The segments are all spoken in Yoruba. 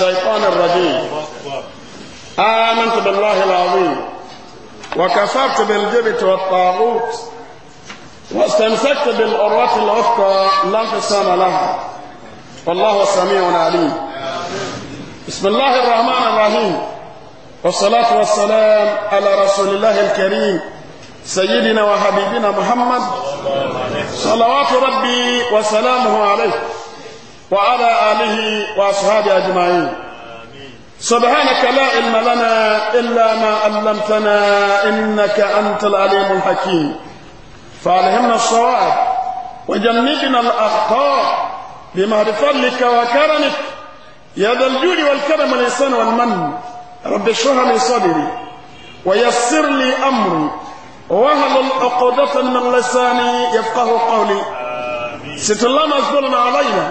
الشيطان الرجيم آمنت بالله العظيم وكفرت بالجبت والطاغوت واستمسكت بالأروة العفقى لا انقسام لها والله سميع عليم بسم الله الرحمن الرحيم والصلاة والسلام على رسول الله الكريم سيدنا وحبيبنا محمد صلوات ربي وسلامه عليه وعلى آله وأصحابه أجمعين سبحانك لا علم لنا إلا ما علمتنا إنك أنت العليم الحكيم فألهمنا الصواب وجنبنا الأخطاء بمهر فضلك وكرمك يا ذا الجود والكرم والإحسان والمن رب اشرح لي صدري ويسر لي أمري وهل العقدة من لساني يفقه قولي ست الله مزبولنا علينا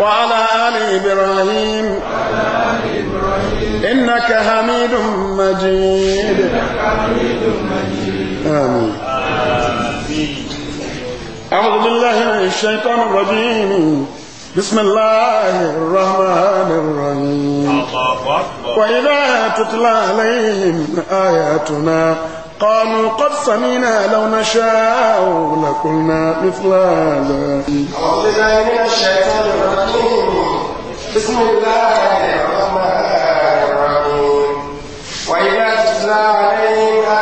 وعلى آل إبراهيم إنك حميد مجيد آمين أعوذ بالله من الشيطان الرجيم بسم الله الرحمن الرحيم وإذا تتلى عليهم آياتنا قالوا قد سمينا لو نشاء لقلنا مثل هذا أعوذ بالله من الشيطان الرجيم بسم الله الرحمن الرحيم وإذا تتلى عليهم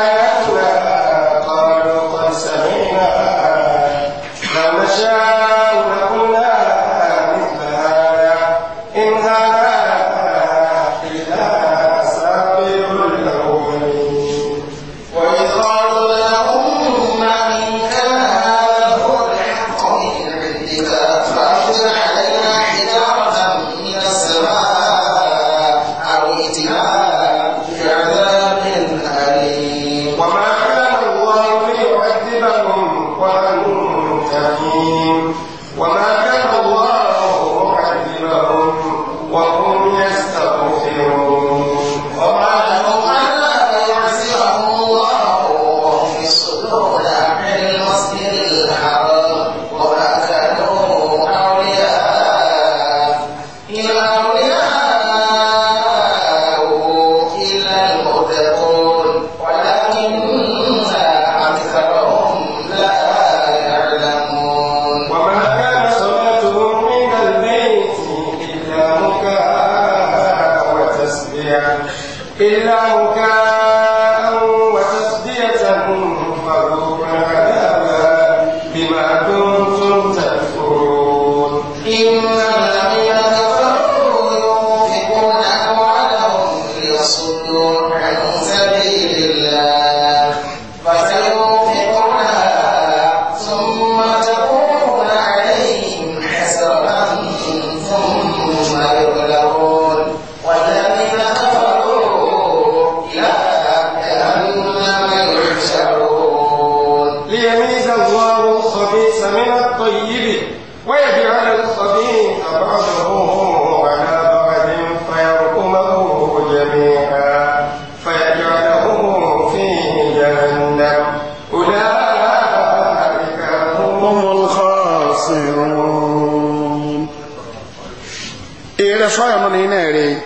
إلى صيام إناري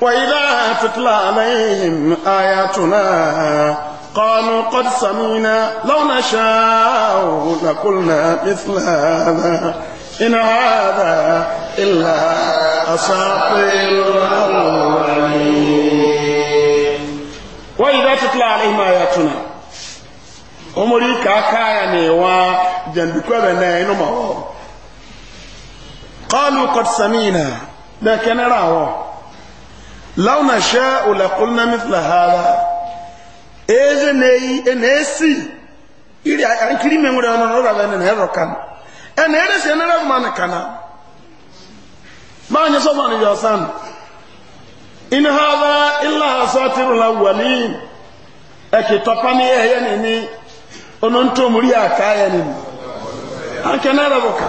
وإذا تتلى عليهم آياتنا قالوا قد سمينا لو نشاء لقلنا مثل هذا إن هذا إلا أساطير الأولين وإذا تتلى عليهم آياتنا أمريكا كايا نيوا جنبكوا بنا إنما هو قالوا قد سمينا لكن كان راهو لو نشاء لقلنا مثل هذا اذا ني انسي يري ان كريم من ورا نور بابا نن هرو كان ان هرس ان رب ما نكنا ما نسو ما نجاسان ان هذا الا اساطير الاولين اكي تطني ايه يعني ني ononto muri akaya ni an kenara boka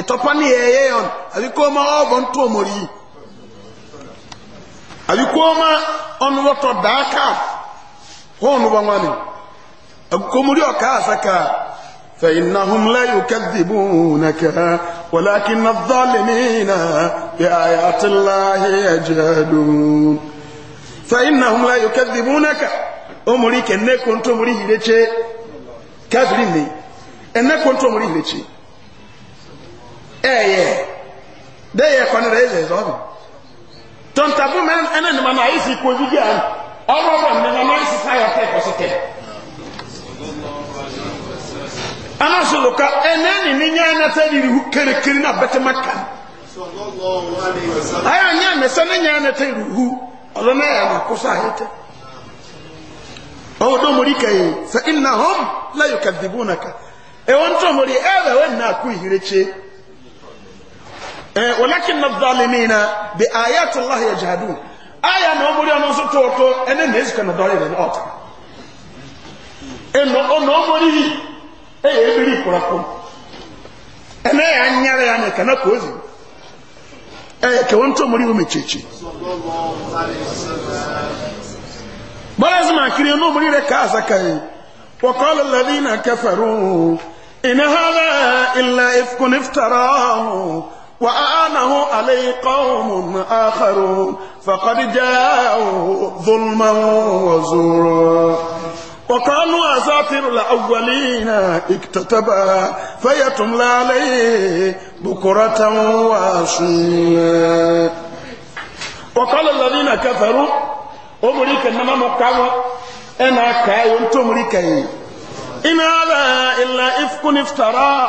ìtọ́pá ní ẹ̀yẹ yọ̀n àbí kó ma ọ̀bọ̀ ń tó mọ̀rí yìí àbí kó ma ọ̀nùwọ̀tọ̀ dàákà hóun bọ̀ wọn ni kó mú rí ọ̀ká àsàkà فإنهم لا يكذبونك ولكن الظالمين بآيات الله يجهدون فإنهم لا يكذبونك أمريك أنك كنت أمريه لك كافرين أنك كنت أمريه لك ɛyɛ dɛ yɛ kɔni rɛ ɛyɛ zɔbi tontabu mɛ ɛnɛ nima na ayi si ko bi di yan ɔwɔ bɔ na ayi si fa yɛ tɛ kɔsi tɛ ana sɔrɔ ka ɛnɛ ni ni tɛ yiri hu kerekere na bɛtɛ ma kan ayi a nyɛ mɛsɛ ne nyɛ tɛ yiri hu ɔlɔ ne yɛ na kosa ayi tɛ ɔwɔ dɔn ka ye sɛ ina hɔn la ka dibu na kan ɛwɔ n ɛyɛ bɛ wɛ na ko yire tse. ولكن الظالمين بآيات الله يجهدون آية نومري أنا توتو أنا نزك نداري من أنا إنه نومري أي إبري كراكم أنا يعني أنا يعني كنا كوزي أي كون تومري ومتشي بلازم أكيد نومري ركاسة كاي وقال الذين كفروا إن هذا إلا إفكن افتراه وآنه عليه قوم آخرون فقد جاءوا ظلما وزورا وقالوا أساطير الأولين اكتتبا فيتملى عليه بكرة وأصيلا وقال الذين كفروا أمريك إنما مكاوى أنا كاي أنتم أمريكي إن هذا إلا إفك افتراه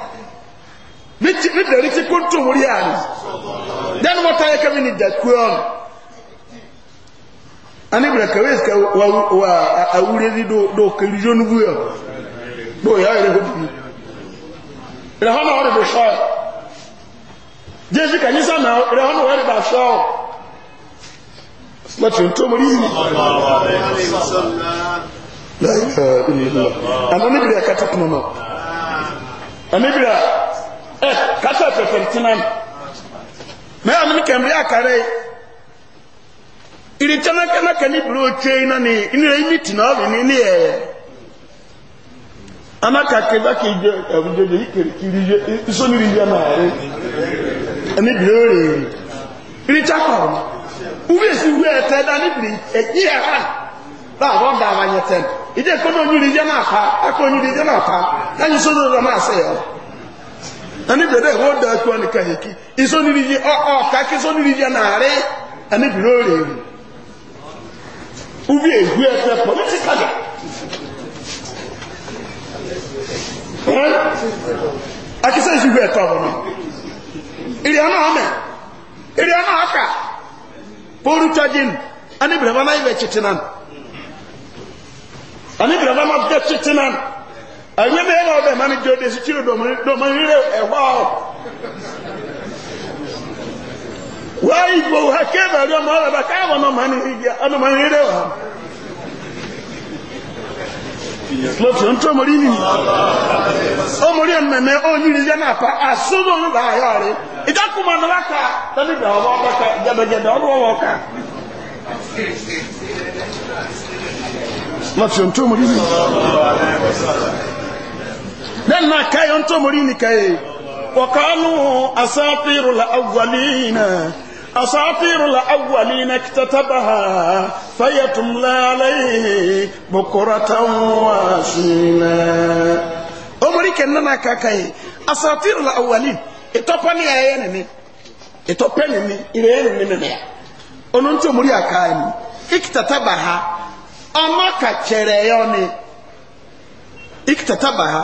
ni dari ti kuntu muri ani dan wata ya kami ni dakuon ani bra kawes ka wa wa awure di do do kali jonu buyo bo ya ire ko bi ire hono ore do sha jesu ka ni sama ire hono ore ba sha slatu to muri ni la ilaha illallah anani bra ka ta kuma no anani bra kátó ẹ̀fẹ̀fẹ̀ tìǹà mẹ́rin ya kẹ̀mìrì àkàrẹ́ ìrì tẹ́nàkẹ́nàkẹ́ ní ìbúrò tẹ́ iná ni ìnira yìí ní tìǹà ọ̀rìn ní ilé ẹ̀ anákàkẹ́ bákẹ́ ìjọ ẹ̀fúnjọ́jọ́ yìí kiri náà ẹni na awɔ da awanyɛtɛ ìdí ɛkɔ onyiri yɛ náà fa náà fa ani bɛ dɛ wɔn daa kuwa ni ka heki isoniri yi ɔ ɔ kaki isoniri yi anaare ani biro reeru ubi ehu ɛfɛ politikali ɛn akisɛ isi hu ɛtɔ wɔn iri ana ɔmɛ iri ana aka polu tajin ani bɛrɛ bama yi bɛ titinan ani bɛrɛ bama bɛ titinan. ẹ̀yìn bẹ́ẹ̀ náà ọ̀dẹ̀ mẹ́ni jẹ́ òdèsí tí ó dòmìnirẹ̀ ẹ̀wà ọ̀ wá ìgbò hake bẹ̀rẹ̀ ọmọ ọ̀rẹ́bà káàwọ̀ ọmọmọ̀nirẹ̀ wà lọ́tí ọ̀n tó mọ̀rí nìyí ó mọ̀rí ẹ̀mẹ̀mẹ̀ ó yẹn pa àsúnmọ̀ ń bá ayọ̀ rẹ̀ ìdákùnmọ̀ ní tẹ́lẹ̀ bẹ̀ ọwọ́ jẹ̀bẹ̀jẹ̀bẹ̀ ọwọ́ nìyí. lẹ́nu náà káyọ̀ ń tó mọ̀ rí nìkan yìí wọ̀kánú asáfíìrù làwọ̀lìnà asáfíìrù làwọ̀lìnà kìtàtàbà fayẹ̀tùm lálẹ́ bukura táwọn wá sílẹ̀. omori kẹ́ nana kaka yìí asáfíìrù làwọ̀lìn ìtọ́pẹ́ ni ẹ̀yẹ nìní ìtọ́pẹ́ nìní ìrẹ́yẹ nìní nìyà ọ̀nà ń tó mọ̀ àká yìí ìkìtàtàbà ha ọmọ kàkyẹrẹ yọ ni ìkìtàtàbà ha.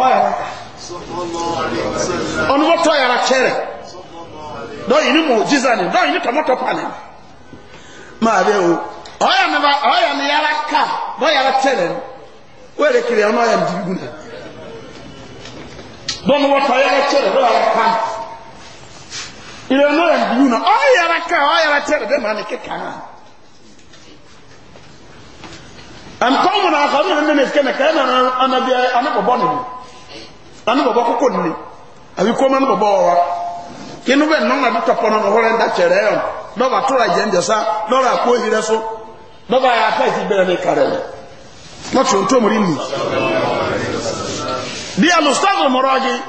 ọ̀nà wọ́n tọ́ yàrá kẹrẹ̀ dọ́yìn ní mọ̀jísà ni dọ́yìn ní tọmọ́tọ́ pàlẹ̀ máa bẹ́ o ọ̀yà ni yàrá ká bọ́yàrá kẹrẹ̀ ni ó yẹ kiri ọ̀nà ọ̀yà dìbò náà bọ́ọ̀nù wọ́n tọ́ yàrá kẹrẹ̀ bọ́yàrá ká ilẹ̀ ọ̀nà ọ̀yà dìbò náà ọ̀yàrá ká ọ̀yàrá kẹrẹ̀ bẹ́ẹ̀ máa ní kíkà hàn àǹtọ́mù náà àkọ́mù náà nínú ìfikẹ́ nìkan ẹ̀ náà ọ̀nà bíi ọ̀nà bọ̀bọ̀ nìyí anu bɔbɔ koko nini abi kɔma nu bɔbɔ wa kinu bɛ nɔŋa bi tɔpɔ nɔ hɔrɛ da kyerɛ yɛ dɔba tora jɛn jɛsa dɔba akó yi rɛ so dɔba yɛ afɛ ti bɛrɛ ne kare lɛ mɔtò ntomori ni di alustaago mɔrɔji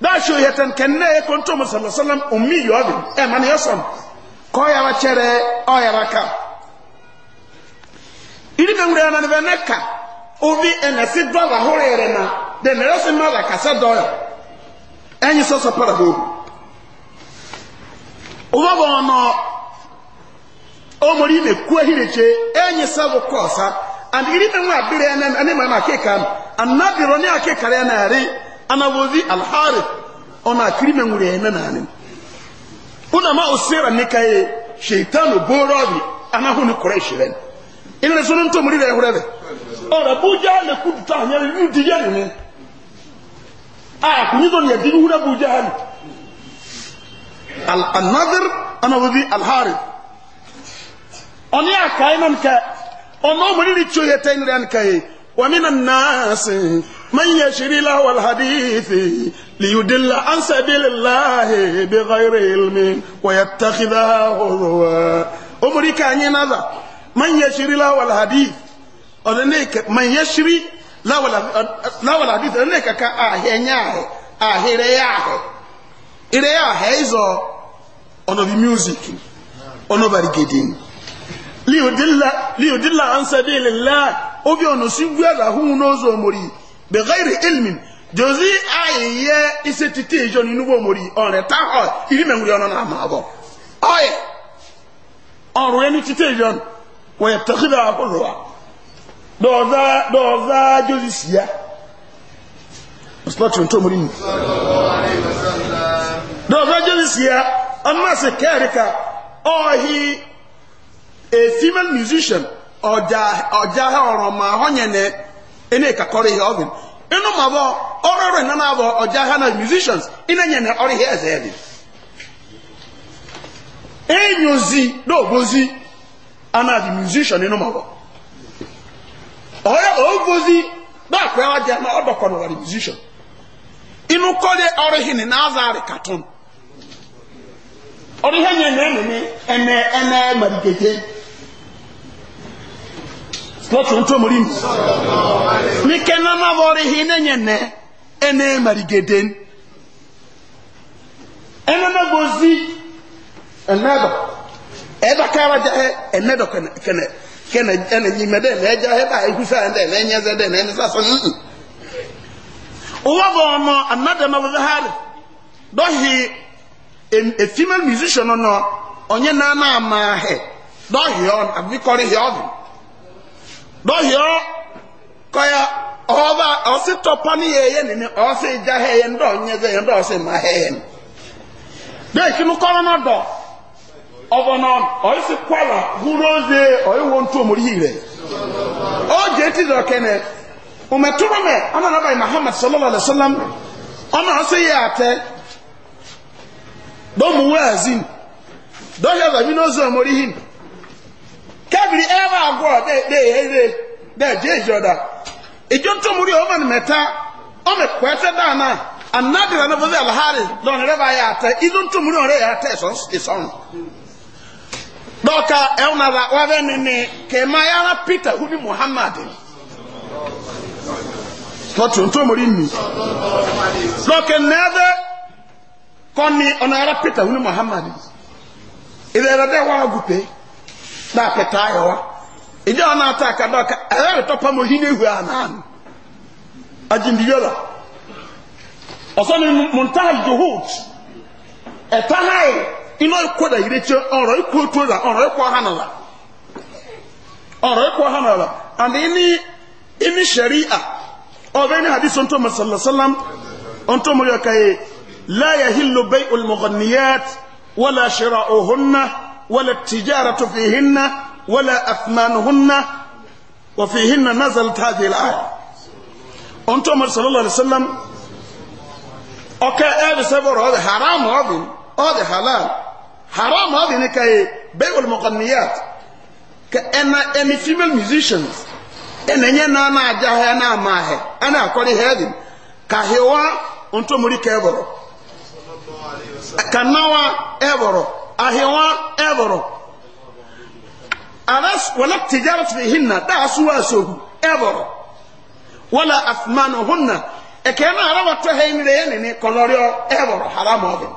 daasi oyɛtɛn kɛnɛ yɛ ko ntomo sallasalam omi yɔɔbi ɛ e, mani yɛ sɔn kɔɔyara kyerɛ ɔyara ka ibi kankura yɛ na ne ka obi ɛnɛsi dɔba hɔrɛ yɛrɛ na. de na yɔsi ma la kasa dɔya ɛnyi sɔsɔ para do wọ́n bọ̀ ɔnɔ ɔmɔri ne ku ehirikye ɛnyi sɛbo kɔɔsa and iri ne mu abiri ɛnɛ ɛne mu akeka mu anabiro ne akeka rɛ na ɛri anabozi alhari ɔna akiri ne na anim unama na nika ye ne ehyirɛ ɛnɛ rɛ bɛ ne di yɛ ne aya ah, kunyizo ni yadini huna abu jahali al-nadhir ana wadi al-harib oni akainan ka ono mulili choye tainri an kai wa minan nas man yashri lahu al-hadith liyudilla an sabilillahi bighayri ilmi wa yattakhidha huwa umri ka nyinaza man yashri lahu al-hadith odene man yashri lawal hadith ne kaka ahe nya ahe ahere ya ahe ire ya ahe izo ono bi music ono bari gedin liudilla liudilla an sabilillah obi ono sigwe la hu nozo mori be ghairi ilmin jozi aye ise titi ijo ni nuwo mori ore ta ho iri menwuri ono na ma go oye ọrùn ẹni títẹ̀ yọ̀n wọ̀nyẹ̀ tẹ̀síbẹ̀ àkọlùwà dɔɔza dɔɔza jozi sia musulmatu ntɔ mu ni dɔɔza jozi sia a female musician ɔja ɔja ha ɔrɔma ɔnyɛnɛ ɛnɛ kakɔri ha ɔvin ɛnu ma bɔ ɔrɔrɔ nana bɔ ɔja ha na musicians ɛnɛ nyɛnɛ ɔri ha ɛsɛ ɛdi ɛnyozi dɔɔbozi ana di musician ɛnu ma bɔ. ọrịa ogozi dọkụ ya dị ama ọdọkọ n'ụwa remusician inu kọle ọrụ hin n'azụ na-ememe eme ene marigede slọtụ na mmadụ ọrụ ihe na-enye ne ebe aka ya kena ɛna nyima dɛ na ɛgya hɛ ba ekusa dɛ na ɛnyɛ zɛ dɛ na ɛnyɛ sasɔ nn wowɔ bɔ ɔnɔ anadɛm abɛbɛ ha de dɔhi efima musician no ɔnyɛ nana ama hɛ dɔhi ɔn abikɔri hɛ ɔbi dɔhi ɔ kɔya ɔba ɔsi tɔpa ni yɛ yɛ nini ɔsi gya hɛ yɛ ndɔ ɔnyɛ zɛ yɛ ndɔ ɔsi ma hɛ yɛ dɛ ekinu kɔrɔ na ọbọnọ ọyịsị kwala hụrụ ozi ọyịwo ntu omori hire oge eti dị ọkene umetụrụ me ọna nabai muhammad sallallahu alaihi wasallam ọna ọsị ya ate dọmụ wazin dọhịa zabi n'ozi omori hin kebiri ebe agwọ dị ehere dị eje eji ọda ijo ntu ọma na meta ọma kwete kweta dana na alhari ya ate ilu ntu ntumuri ọrịa ya ate ịsọ dɔka ɛwuna la wabɛ nini kɛmɛ yara peter huni muhammad lɔtun tomori ni dɔka nɛɛbɛ kɔni ɔna peter huni muhammad ìdẹ̀rẹ̀ dẹ̀ wà gùpé náà pẹ̀tà ayọ̀ wa ìdí ọ̀nà àtàkà dɔka ɛyẹ tɔpɔ mo hin ehu anan ajindiyɔla ɔsɔni muntaaj johut ɛtahayi. ino ikoda ireche ọrọ ikwu otu ụzọ ọrọ ikwu ọha n'ala ọrọ ikwu ọha n'ala and ini ini sharia ọbẹ ni hadisi ntọ masallasalam ntọ mu yọka ye la yahillu bay ulmuganniyat wala shira'uhunna wala tijaratu fihinna wala athmanuhunna wa fihinna nazalat hadhihi al-aya ntọ mu sallallahu alaihi wasallam ọka ẹbi sẹbọrọ ọdẹ haram ọdẹ ọdẹ halal haram ha dini kai bayul mughanniyat ka ena any female musicians ena nye na na aja ha na ama ha ana akori heaven ka hewa onto muri ka eboro kanawa eboro ahewa eboro alas wala tijarat fihinna da asuwa sogu eboro wala afmanuhunna ekena arawa to ha imire ne ne kolorio eboro haram ha dini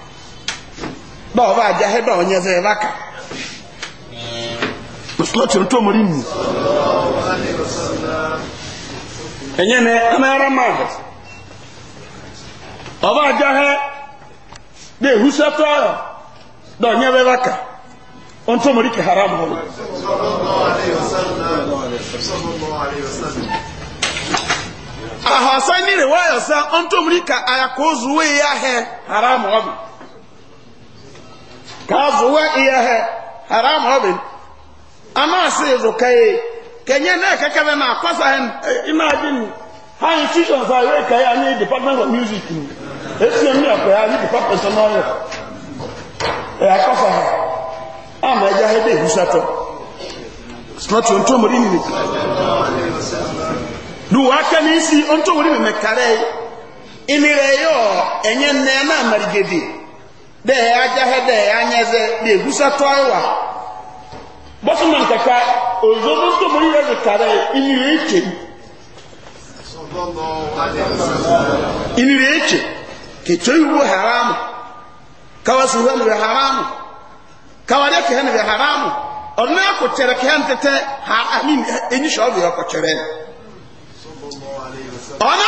dɔɔba agyahe dɔɔ nyɛ sɛ ɛbaka musulɔti ntɔ mori na ɛnyɛ nɛ anaara maa ɔba agyahe de ehusa tɔɔ da onye bɛ baka ntɔ mori ke haram hɔ ahasan ni rewaya sa ntɔ mori ka ayakozuwe ya hɛ haram hɔ bi. ihe iyahe haram hobin ama se zukai kenya na kaka na akwasa hen ha how eh, institutions a wey kai any department of music ni esiem ni akoya ni department of music e akwasa ha ama eja he de husato smart onto mori ni du waka ni si onto kare imire na dee ajahe dee anyeze dee gusa toiwa bọ́sùmọ̀n kẹta òzòzò tó mú yíyá ní kàrẹ́ ìnira èkè ìnira èkè kẹtọ́ ìwú haramu kawasi hàn rẹ̀ haramu kawari kẹhàn rẹ̀ haramu ọ̀nà akọ̀kyẹrẹ kẹhàn tẹtẹ ha ahin ha sọ̀rọ̀ yẹ ọkọ̀kyẹrẹ ọ̀nà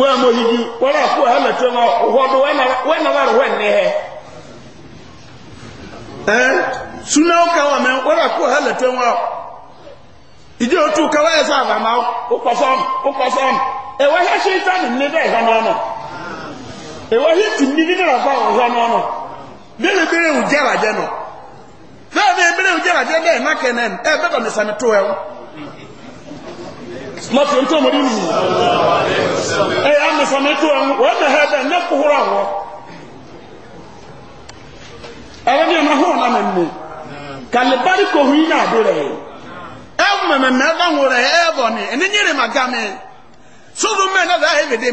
wọ́n mọ yíyí wọ́n rà fún ẹ̀hẹ́ mẹ́tọ́ wọn ọ̀họ́dún wọ́n náà rà wọ́n ní ẹ̀ ẹ́ súná ó káwọn mẹ́ wọ́n rà fún ẹ̀hẹ́ mẹ́tọ́ wọn ìdí òtú káwọn ẹ̀ sá àbàmà ó kọ sọ́ọ̀n ó kọ sọ́ọ̀n ẹ̀wọ́ yẹn ṣe bẹ́ẹ̀ bẹ́ẹ̀ jẹ́ àjẹ́ nọ bẹ́ẹ̀ bẹ́ẹ̀ jẹ́ láti ohun tó mọ̀ nínú na amẹ́sàn ètò ẹ̀hún wọ́n mẹ́ hẹ́ẹ̀bẹ̀ ní kúhúrà wọ́ ẹ̀rọ ní ọmọ hàn náà na kàlẹ́bárì kò eh, eh, hu iná àdó rẹ̀ ẹ̀ mẹ́mẹ́ mẹ́fà wọ̀ rẹ̀ ẹ̀ bọ̀ ni ẹni nyere ma ga na sódù mẹ́ náà dáhẹ́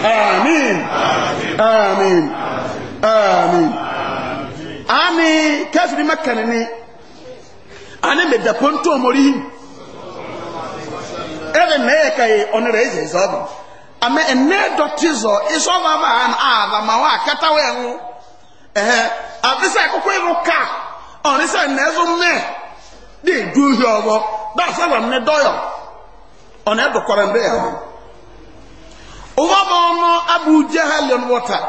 amin amin ani kafiri makani ni ani me da ponto mori ebe me ka e onere eze zo ama ene dotizo iso ba ba an ava ma wa kata we hu eh abisa kokwe ruka oni se nezo me de du hi obo da se wa me doyo ona do e kwara mbe ya uwa mo abu jahal water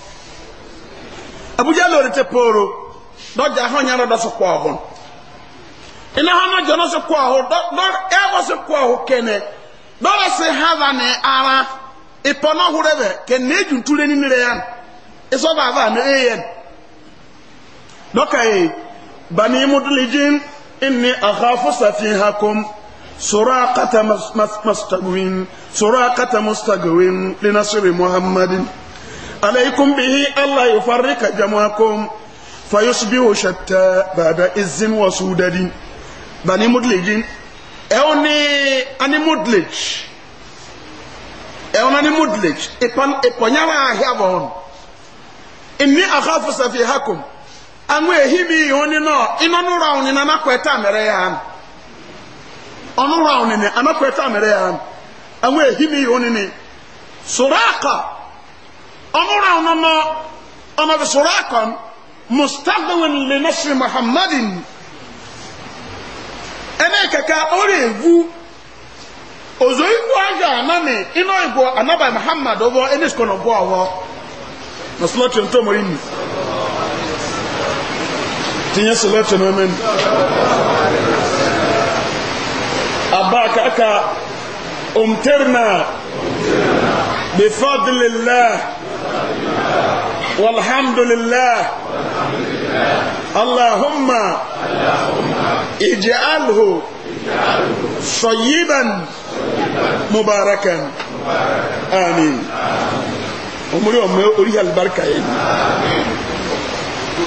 abuja lori te poro dɔja hɔn nyɛ dɔ so kɔ ɔho ina hɔn adjɔ no so kɔ ɔho dɔ ɛwɔ so kɔ ɔho kɛnɛ dɔlɔ se hava ne ara ipɔ na ɔho rɛ bɛ kɛ ne edu nture ni nire yan esɔ baava ne eyan dɔka ye e, bani mudulijin inni akhafu safihakum suraqata mastagwin suraqata mustagwin linasiri muhammadin. عليكم به ألا يفرق جمعكم فيصبح شتى بعد إز وسودد بني مدلج أوني أني مدلج أوني أني مدلج إبن إبن يرى هيفون إني أخاف سفيهكم أنو إهمي يوني نو إنو نراوني نانكويتا مريان أنو راوني نانكويتا مريان أنو إهمي يوني سراقة أمر أنما أما بسراقا مستغو لنصر محمد أنا كا أوريفو أزويفو أجا أمامي إنو إبو أنابا محمد أبو إنس كون أبو أبو نصلاة ينتو مريني تنيا صلاة نومين أباك أكا أمترنا بفضل الله والحمد لله اللهم اجعله صيبا مباركا آمين omuri ọmọ orí alibarika yẹn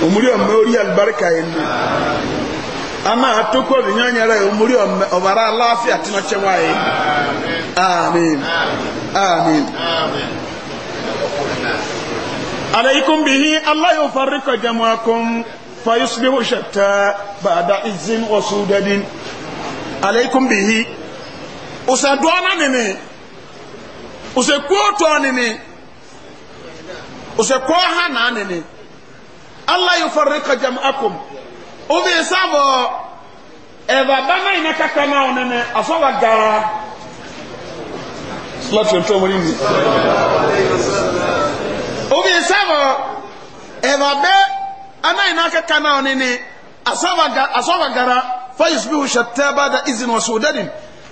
omuri ọmọ orí alibarika yẹn ama atoko bi nyɔnyɛrɛ omuri ɔbara alaafi atinɔkyɛwa yẹn amen amen. amen. amen. amen. عليكم به الله يفرق جمعكم فيصبح شتى بعد عز وسودد عليكم به أسدوانا نني أسكوتو نني أسكوها نني الله يفرق جمعكم أبي سابو إذا بنا إنك كما نني أصوى gara. Slot your tomorrow. obi sábà ẹ̀fà bẹ́ anáyìn náà kẹ́kẹ́ náà ni ni gara fayos bí wùsẹ̀ da izin wọ̀ sùdẹ́dì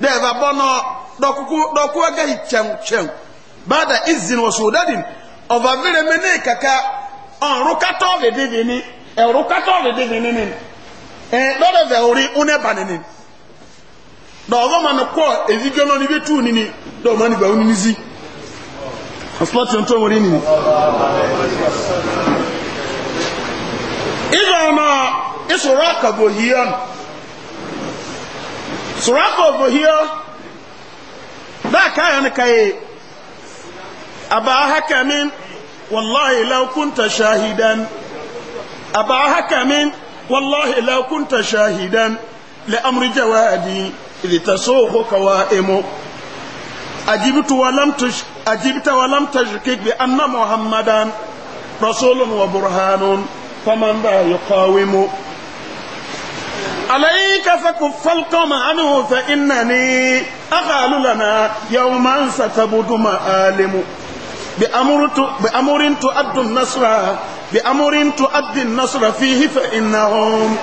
dẹ́ ẹ̀fà bọ́ náà dọ́kúkú dọ́kú da izin wọ̀ sùdẹ́dì ọ̀fà bẹ́rẹ̀ mi kaka ọrụkata ọ̀rùn dị bèbè ni. ọrụkata ẹ̀rùn dị bèbè ni ni Ee, lọ́dọ̀ bẹ̀ orí únẹ̀ bà ní ni dọ̀ọ́fọ́ ma ni masalati ntɔ wɔn ni idama isoraka gohia soraka gohia daa kaya ne kaye abaa haka min wallahi law kunta shahidan abaa haka min والله لو كنت شاهدا لأمر جوادي إذ تسوق قوائم أجبت ولم تشك أجبت ولم تشكك بأن محمدا رسول وبرهان فمن ذا يقاوم عليك فكف القوم عنه فإنني أقال لنا يوما ستبد مآلم بأمر بأمر تؤد النصر بأمر تؤد النصر فيه فإنهم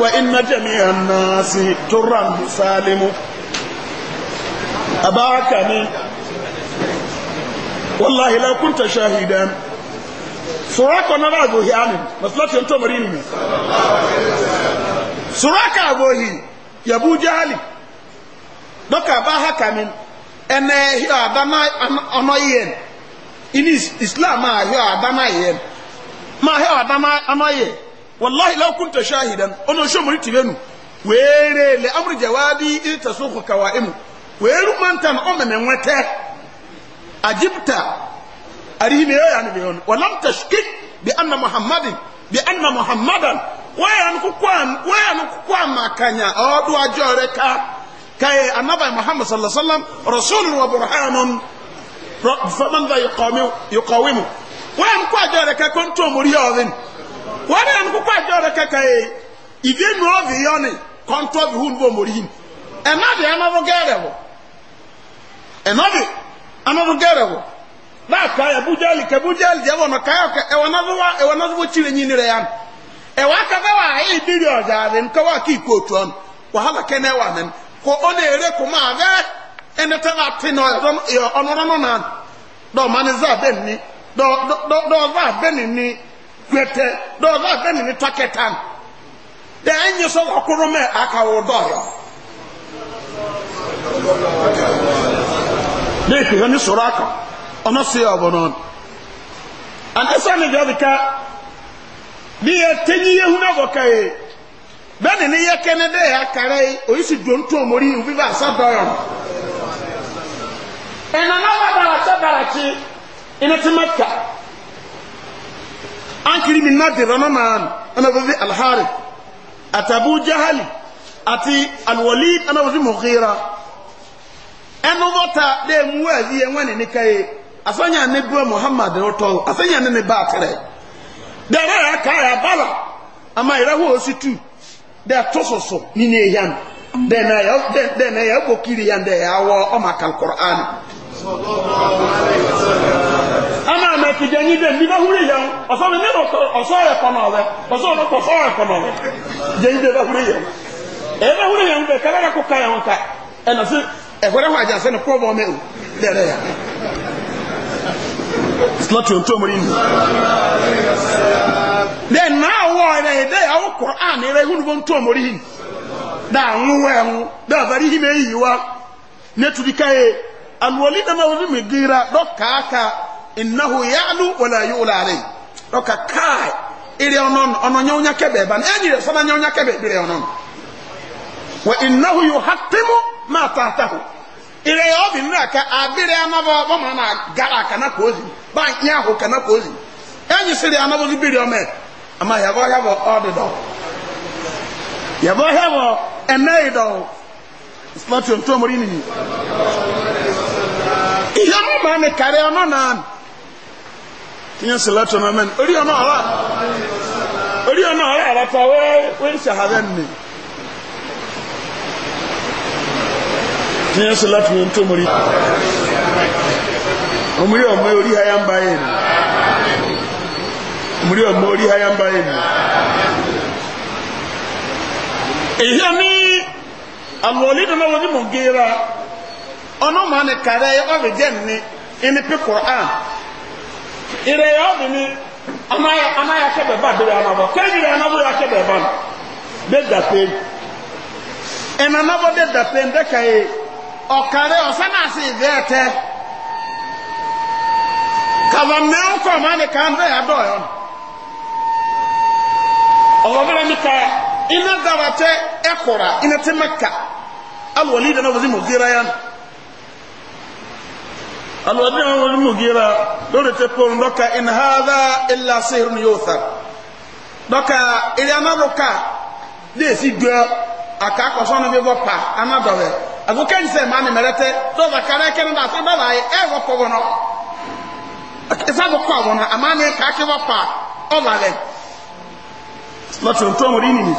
وإن جميع الناس ترا سالم أباك من wallahi la kunta shahidan suraka na rago hiyanin maslatin tomarin ne suraka agohi yabu jahali doka ba haka min ene hiyo adana ono yen ini islam a hiyo adana yen ma hiyo adana ono yen wallahi la kunta shahidan ono sho muri tirenu were le amri jawabi ita sokwa kawaimu weru mantan o meme nwete ajibta arihi ne yoya ne yon walam tashkik bi anna muhammadin bi anna muhammadan waya no kwa waya no kwa makanya odu ajore ka kai annabi muhammad sallallahu alaihi wasallam rasulun wa burhanun faman dha yuqawimu yuqawimu waya no ajore ka konto muri yodin waya no kwa ajore ka kai ivenu ovi yoni konto bi hun muri him enade anavo gerebo enade anazugeraho nakaya bujali kebujali yabono kayaka ewanazuwa ewanazuwa chire nyinire yano ewakagawa idiri ojare nkawa kikotu ano wahala kene wanen ko onere kuma ave enete vati no yo onoro no nan do mani za benni do do do za benni ni gwete do za benni ni taketan de enyi so okuru me aka wo do yo dai ke hani suraka ona se abonon an asani da ka bi ya tanyi yehuna bokai bẹ́ẹ̀ni ni yẹ́kẹ́ni dẹ́ ya kẹrẹ́ oyin sì dùn tó mórí ibi bá sọ́dọ̀yọ̀ ìnana wà bàrà tẹ́ bàrà kí iná tí mẹ́ta ankiri mi náà dèrò ọ̀nà náà ẹnna fífi alhari atabu jahali àti alwali ẹnna fífi mọ̀kìrà. ɛnu bɔta dɛ mu ihe yi yɛ wani nika yi asanya ne bua muhammad rɔtɔ asanya ne ne ba atere dɛ ɛrɛ yɛ ka yɛ bala ama yɛrɛ osi tu soso ni ne yan dɛ na yɛ dɛ dɛ na yɛ bɔ kiri yan dɛ yɛ ama ama kejì ẹni dẹ nígbà yẹn ọsọ mi nínú ọsọ yẹ kọ náà wẹ ọsọ mi kọ ọsọ yẹ kọ náà wẹ jẹ ẹni dẹ bá wúlò yẹn ẹ bá wúlò yẹn bẹ kẹlẹ kó ká yẹn ká ẹ nà ẹ̀kọ́rẹ́ wà jásẹ́ ní pọ́ọ̀bọ̀ ọmọ ẹ̀rù dẹ̀rẹ̀ yà slọ́tì ohun tó mú rí nù dẹ̀ náà wọ́ ẹ̀rẹ̀ ẹ̀dẹ́ ìyàwó kọ̀ọ̀án ẹ̀rẹ̀ ìhúnubó tó mú rí nù dáa ń wọ́ ẹ̀hún dáa bẹ̀rẹ̀ ìhìmẹ̀ yìí wá nítorí káyé alùwọ̀lì náà wọ́n fi mi wa innahu yuhaqqimu ma tahtahu ire yo bi nra ka abiri amabo bo ma na gara kana kozi ba nya ho kana kozi enyi siri bi biri ome ama ya bo ya bo odo ya bo ya bo enei do spot on to mori ni iya mo ne kare ono na tinya salatu na men ori ono ala ori ono ala ala tawe wen shahadan ni tiɲɛ sɔlɔ tun ye n tomori omori ɔmɔ ori ha yan ba ye ni omori ɔmɔ ori ha yan ba ye ni èyí ni alɔli nana wɔ ni mo geera ɔno maa ni kare ɔbi jɛ ni ɛni pe koran ire yɛ ɔbi ni ana yɛ ana yɛ kɛ bɛ ba bere anabɔ kɛnyi yɛ anabɔ yɛ kɛ bɛ ba no bɛ da pe ɛnanabɔ bɛ da pe ọ̀kàrẹ́ ọ̀sánàsì ìdí ẹ̀tẹ́ kàvàmẹ́ ọkọ̀ máa ní kàndé àdọ̀ ẹ̀họ́n ọ̀wọ́bẹ̀rẹ̀ iná dára tẹ iná tẹ mẹ́ka alùwàlì ìdáná wọ́n sì mọ̀ gíra yá alùwàlì ìdáná wọ́n sì mọ̀ gíra lórí tẹ pọ́n lọ́ka sèhìrì ni yóò àkàkọ́sọ́nà bí wọ́n pa agoka nsɛ maa mi mɛrɛtɛ dɔwɔ kara kɛnɛ da ase bɛla yi ɛ wɔ pɔwɔ nɔ ɛsɛ wɔ pɔ awɔ nɔ amaa ni kaake wɔ pa ɔba lɛ lɔtɔn tó mo di nini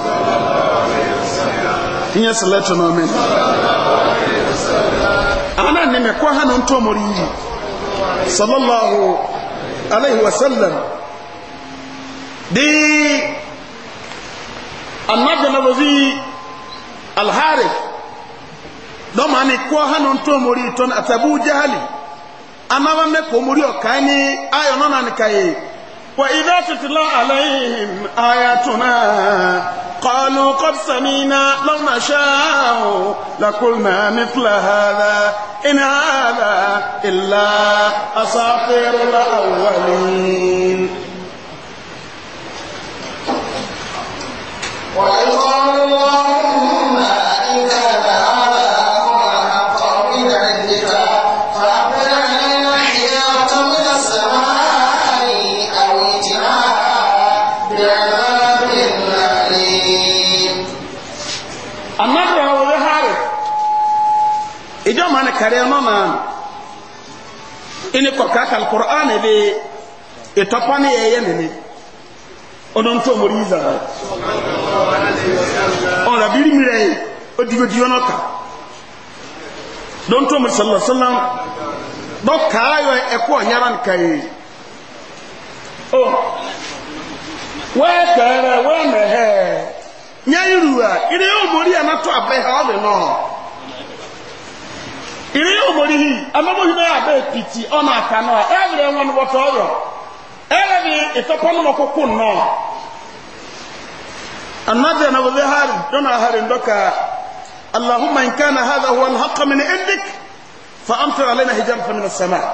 nyɛ silɛtɔ nɔ mi ana nɛmɛ kɔ ha nɔ tó mo di yi sallallahu alayhi wa sallam di anagye na wɔ fi alhari dɔma ni kɔ ha no ntɔ mori tɔn atabu jahali anaba mɛ kɔ mori ɔkae ni ayɔ nɔna ni kaye wa idha tutla alayhim ayatuna qalu qad samina law nasha'u laqulna mithla hadha in hadha illa asatirul awwalin وإذا الله Karịa no na ini ko ka kal qur'an be yeye nene odon to moriza on la biri mire odigo diwono ka don to sallallahu alaihi wasallam do kayo e ko nyaran kai e. oh we kare mehe nyairuwa ire o mori anato abeha o no ìrí yóò mọ̀ níhì amẹ́mọ̀hìnà àbẹ́ pìtì ọ̀nà àkànà ẹ̀rẹ̀ wọn wọ̀tọ̀ ọ̀yọ̀ ẹ̀rẹ̀ ni ìtọ́pọ́nùmọ̀ kókó náà النبي أنا وذي هارم دون هارم دوكا اللهم إن كان هذا هو الحق من عندك فأمطر علينا حجارة من السماء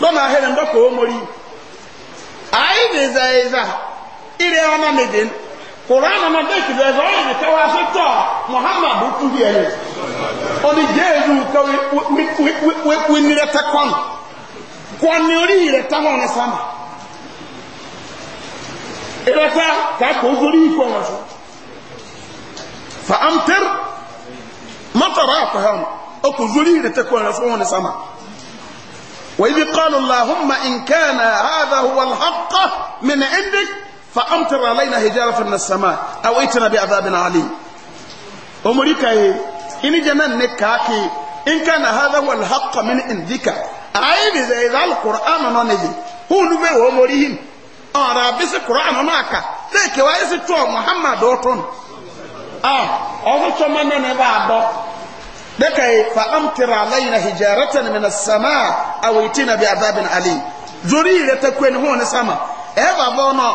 دون هارم دوكا ومري أين إذا إذا إلي أنا مدين قرآن ما ديك إذا إذا إذا كواسطة محمد بطوبي أيه ọdí jésù nǹkan wínílẹ̀tẹ̀ kwan kwan ni orí ìrẹ̀tẹ̀ náà ní sáma ìrẹ̀tẹ̀ kàkó sórí ìkọ wọn so fa'amtir matara akwahon ọkọ̀ sórí ìrẹ̀tẹ̀ kwan so wọn ní sáma وإذ قالوا اللهم إن كان هذا هو الحق من عندك فأمطر علينا هجارة من السماء أو ائتنا بعذاب عليم أمريكا إني جنان نكاكي إن كان هذا هو الحق من عندك أعيب إذا إذا القرآن نجي هو نبي ومريهم أن ربي سكرآن ناكا تيكي وإسي تو محمد أوتون آه أوفو تمنى نبعد لكي فأمتر علينا هجارة من السماء أو إتنا بعذاب عليم زوري لتكوين هون سما إذا ظنوا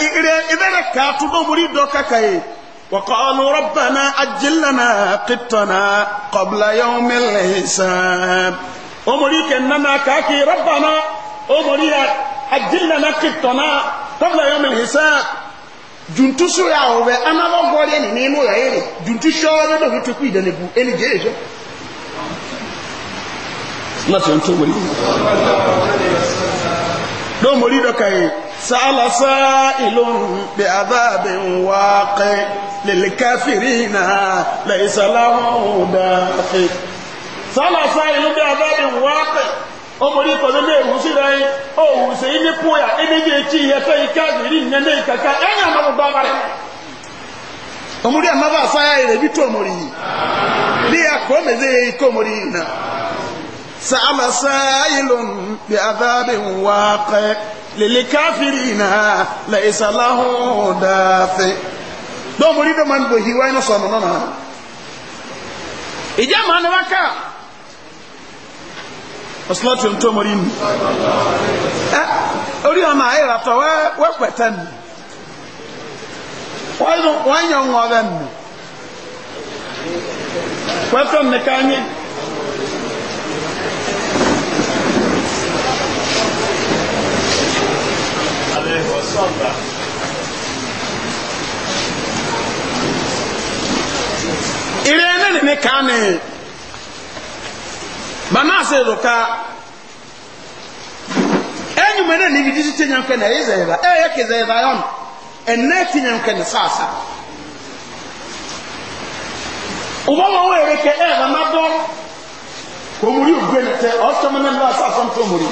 إذا ركعت ضمري دوكاكاي وقالوا ربنا أجل لنا قطنا قبل يوم الحساب أمريك إننا كاكي ربنا أمريك أجل لنا قطنا قبل يوم الحساب juntu so ya owe anaba gori ni ninu ya ere juntu so ni do fitu ku idane bu eni je so na so nto wori do mori do kai سأل سائل بعذاب واقع للكافرين ليس له دافع سأل سائل بعذاب واقع ọmọdé kọ̀dọ̀ lè wù sí rẹ̀ òun sí ní púyà ẹnìyẹ tí ẹ̀fẹ́ ìkáàkiri nẹ́lẹ̀ ìkàkà ẹ̀yà mọ́bù bá bá rẹ̀ ọmọdé àmọ́bà sáyà rẹ̀ bí tó mọ̀rí yìí bí i akọ̀ mẹ́zẹ̀ ikọ̀ yìí náà sàmà sáyà lòun bí adábẹ̀ wà pẹ́ للكافرين ليس له دافع دو مريد من بهي وين صنعنا إجا ما نبكى أصلاة ينتو مريم أولي أما أيرا توا وقتن وين يوم وذن وقتن نكاني صلى إلينا لنكاني banase ruka enyuma na ni bidisi tinya nke na e yake ze yon enne tinya nke sasa uba wa were ke e ba na ko muri ugwe te o na na sasa nto muri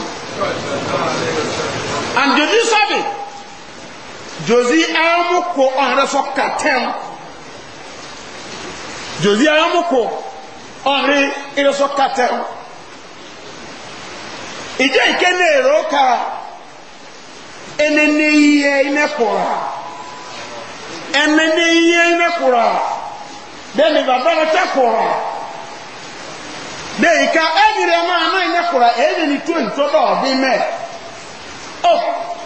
and you jozi ayamuko ọ̀rẹ́ sọ kàtẹ́m jozi ayamuko ọ̀rẹ́ ẹrẹ́ sọ ka ẹni ní iye inẹ́kùrà ẹni ní iye inẹ́kùrà bẹ́ẹ̀ni bàbá rẹ̀ tẹ́kùrà bẹ́ẹ̀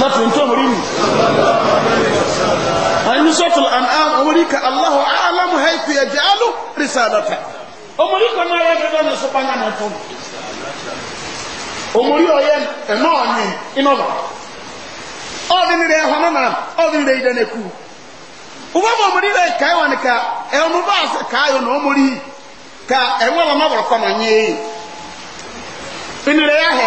láti ohun tó mú rí mi ẹni sọ́tùl àmàm ọmọdéka aláhùn alámù haifu ẹ̀jẹ̀ alú rìsàdọ̀tà ọmọdéka náà yẹ fẹ́ lọ́nà sọ́pá náà nà fún ọmọdé ọ̀yẹ́ ẹ̀nà ọ̀nyìn iná lọ ọ̀dín rẹ̀ omori ka ịwa e ka ọmụba asị ka ayọ na omori ka e kọ nye ya ha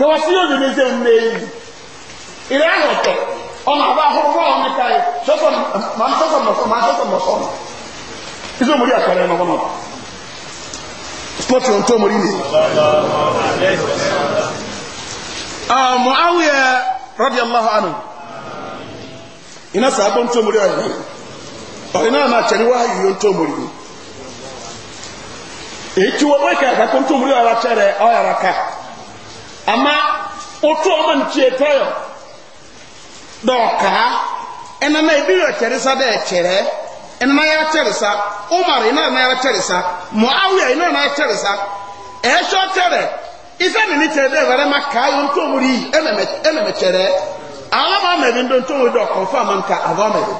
sɛ wɔsi yɛ ɔdini sɛ ɔnna yi ìrẹ ahọtọ ɔnà àbá ahorobo àwọn nìka yi sɔsɔ màá sɔsɔ mɔsɔ màá sɔsɔ mɔsɔ nù ìsọ mo di àkàrà ɛnà wọn spɔtì ọ̀ntọ́ mo rí mi. Ah, mọ awo yɛ rabi allah anu iná sábà ntọ́ mo rí ayọ̀ ọ̀yìn náà máa kyẹ̀rẹ̀ wáyé yìí ntọ́ mo rí mi. èyí tí wọ́n bá kẹ́ àkàkọ́ ntọ́ mo rí ayọ̀ ara kyẹ̀rẹ̀ ama otu ọma nchie tọyọ dọka ẹnana ebiri ọkyeresa dẹ ẹkyerẹ ẹnana ya kyeresa umar ẹnana ya kyeresa muawiya ẹnana ya kyeresa ẹhyẹ e ọkyerẹ ife nini kyerẹ dẹ ẹwẹrẹ ma kaa yọ ntomori yi ẹna mẹ kyerẹ alaba mẹbi ndo ntomori dọ kọnfam nka ava mẹbi.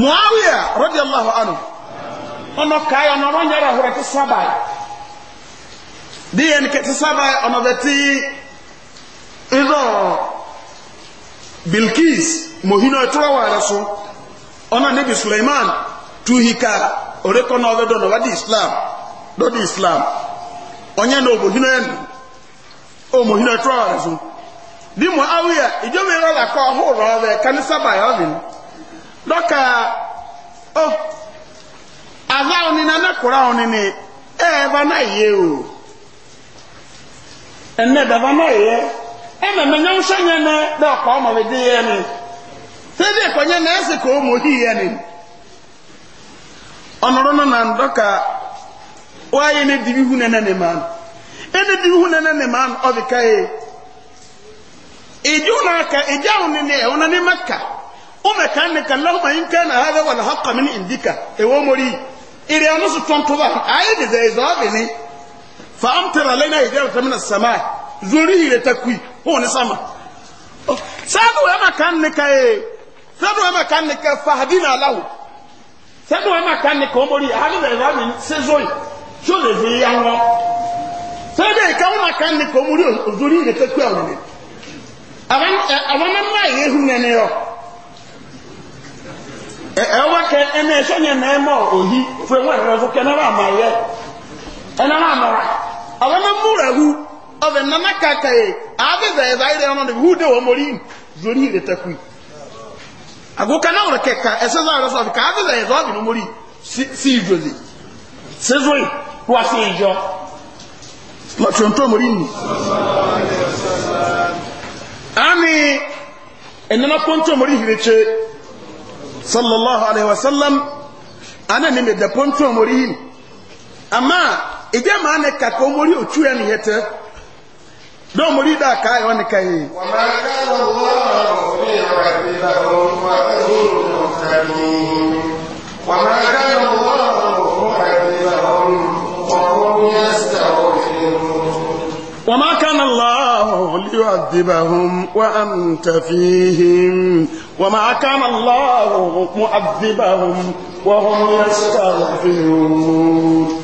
muawiya rọdiyallahu ọnọ kaa yọ ọnọ ọnọ nyere ahorọ ti sábà. bí ẹni kẹtí sábà ọmọ bẹ tí ìzọ bilkis mohino ìtúrọwà rẹ so ọ̀nà níbi suleiman tuhika orékọ́ náà ọbẹ̀ dọ̀nà wádìí islam dọ́dí islam ọ̀nyẹ́ ní òmòhino ẹ̀nù òmòhino ìtúrọwà rẹ so bí mo awia ìjọba ìrọ̀lá kọ́ ọ̀húrọ̀ ọbẹ̀ kẹni sábà ọ̀bìn dọ́kà ó àbá òní nana kura òní ni ẹ̀ẹ́bá náà yé o. ɛnɛ dava na yɛ mɛ nyɔnsa nyɛ dɛ ɔkpa ɔmɔ di yɛ ni sɛbi ɛkɔnyɛ ɛsɛ kɔ ɔmɔ hi yɛ ni ɔnɔrɔ no na ndɔka wɔayɛ ne dibi hu nɛnɛ ne ma no ɛne dibi hu nɛnɛ ne ma no ɔbi ka yɛ ɛdi e na aka ɛdi e ahu ne ne ɛwɔ e na ne ma ka ɔmɛ ka ka yi nka na na ha kɔmi ndika ɛwɔ mɔri ɛdi so ayɛ ɛzɔ ɔbi فأمطر علينا هجرة من السماء زوري لتكوي هو نسمع سادو أما كان نكاي سادو أما كان نكا فهدينا له سادو أما كان نكا ومولي هذا الإمام سيزوي شو الذي يهوى سادو أما كان نكا ومولي زوري لتكوي أولي أوان أوان ما يهونا نيو ẹwọ kẹ ẹnẹ ẹsọ yẹn náà ẹ mọ òyì fún ẹwọn ẹrẹ fún kẹ náà wà máa yẹ ẹ náà wà máa abana murahu ave nana kakaye ave ve zaire ono de hude wo mori zori le takui ago kana ora keka ese za ora so ka ave ve zo bi no mori si ijozi se zoi wa si ijo la chonto mori ni ani enana ponto mori hireche sallallahu alaihi wasallam ana ni me da ponto mori ama ìdí ẹ̀ máa ní kàkà omori òtú ẹ̀ nìyẹn tẹ́ dọ́ omori dà ká ẹ̀ wọ́n ní ká yìí. wọ́n máa ká lọ́wọ́ òbí rẹ̀ bí i lọ́wọ́ wọn kò tó tẹ̀ mí. wọ́n máa ká lọ́wọ́ òbí rẹ̀ bí i lọ́wọ́ wọn kò yẹ́sẹ̀ وما كان الله ليعذبهم وأنت فيهم وما كان الله معذبهم وهم يستغفرون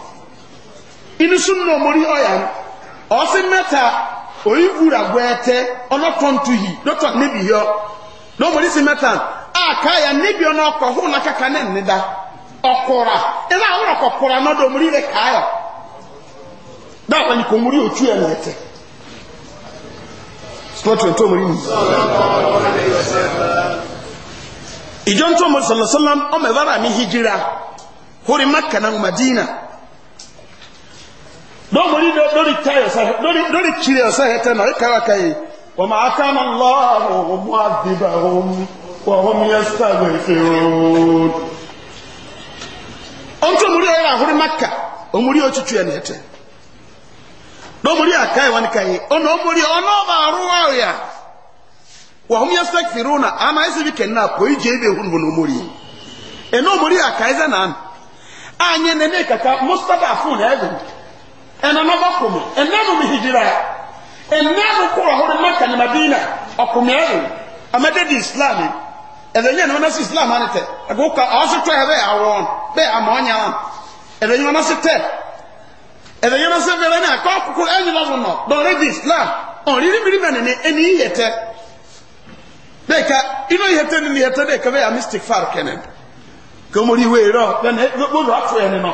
inú na omori ọ̀yà ọ̀sí mẹ́ta òyìnbúra gbẹ́ẹ̀tẹ́ ọlọ́tọ̀ntù yìí lọ́tọ̀ níbi yọ lọ́mọdé sí na kàkà náà nídá ọkùnra ilé àwọn ọkọ̀kùnra náà mórí rẹ̀ káyà dáàbà ní kò omori na madina lóòmùrí lórí táyọ̀ sáyẹ̀ lórí kiri ọ̀sáyẹ̀ tẹ́nà a kẹwàkà yìí wọ́n máa kánà lọ́wọ́ ọmọ àdìbà wọ́n mú yẹ́sítà gbèsè ooo. ohun tó múrí ẹ̀rọ àhórí máka òmúrí òtútù ẹ̀ nìyẹn tẹ̀. lóòmùrí ono ìwọ́n ono yìí ọ̀nà òmúrí ọ̀nà ọba àrùwá ọ̀yà wọ́n mú yẹ́sítà ɛna nɔbɔ kɔmɔ ɛna no mi hijira ɛna no kɔrɔ hɔ ma kan madina ɔkɔmɔ ɛyɛ amade di islam ɛdɛ nyɛ nɔnɔ si islam ani tɛ ɛgbɛ ka ɔsi tɔ yɛ bɛyɛ awɔ bɛyɛ amɔ nya wɔn ɛdɛ nyɛ nɔnɔ si tɛ ɛdɛ nyɛ nɔnɔ si bɛyɛ ni akɔ koko ɛnyɛ nɔnɔ nɔ dɔnɔ di islam ɔn riri miri mɛ nini ɛni yi yɛ tɛ bɛyɛ ka ino yɛ tɛ nini yɛ tɛ bɛyɛ ka bɛyɛ amistik far kɛnɛ kɔmɔri wɛyɛ rɔ bɛyɛ ni bɛ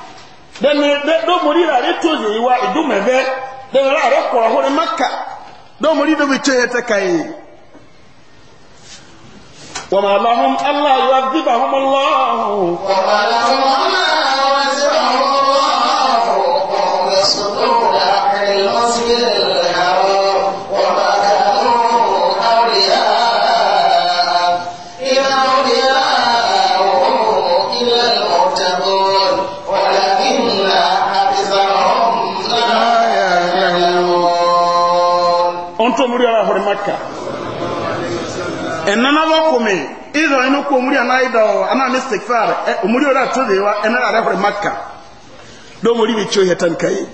dẹni dọmọdé rà rẹ tó yẹ wa ìdúmẹfẹ dẹni rà rẹ kọrọ hó rẹ maka dọmọdé dọbi tẹ yẹ tẹka yìí wọn àlàhùn aláyọ àdìbà hùmọlá. wọn àlàhùn aláyọ. maka ɛnana bɔ kome idɔ inu ko omuri ana idɔ ana mi sikfar ɛ e, omuri o da to de wa ɛnana yɛrɛ hore maka dɔw mori bi tso yɛtɛn ka ye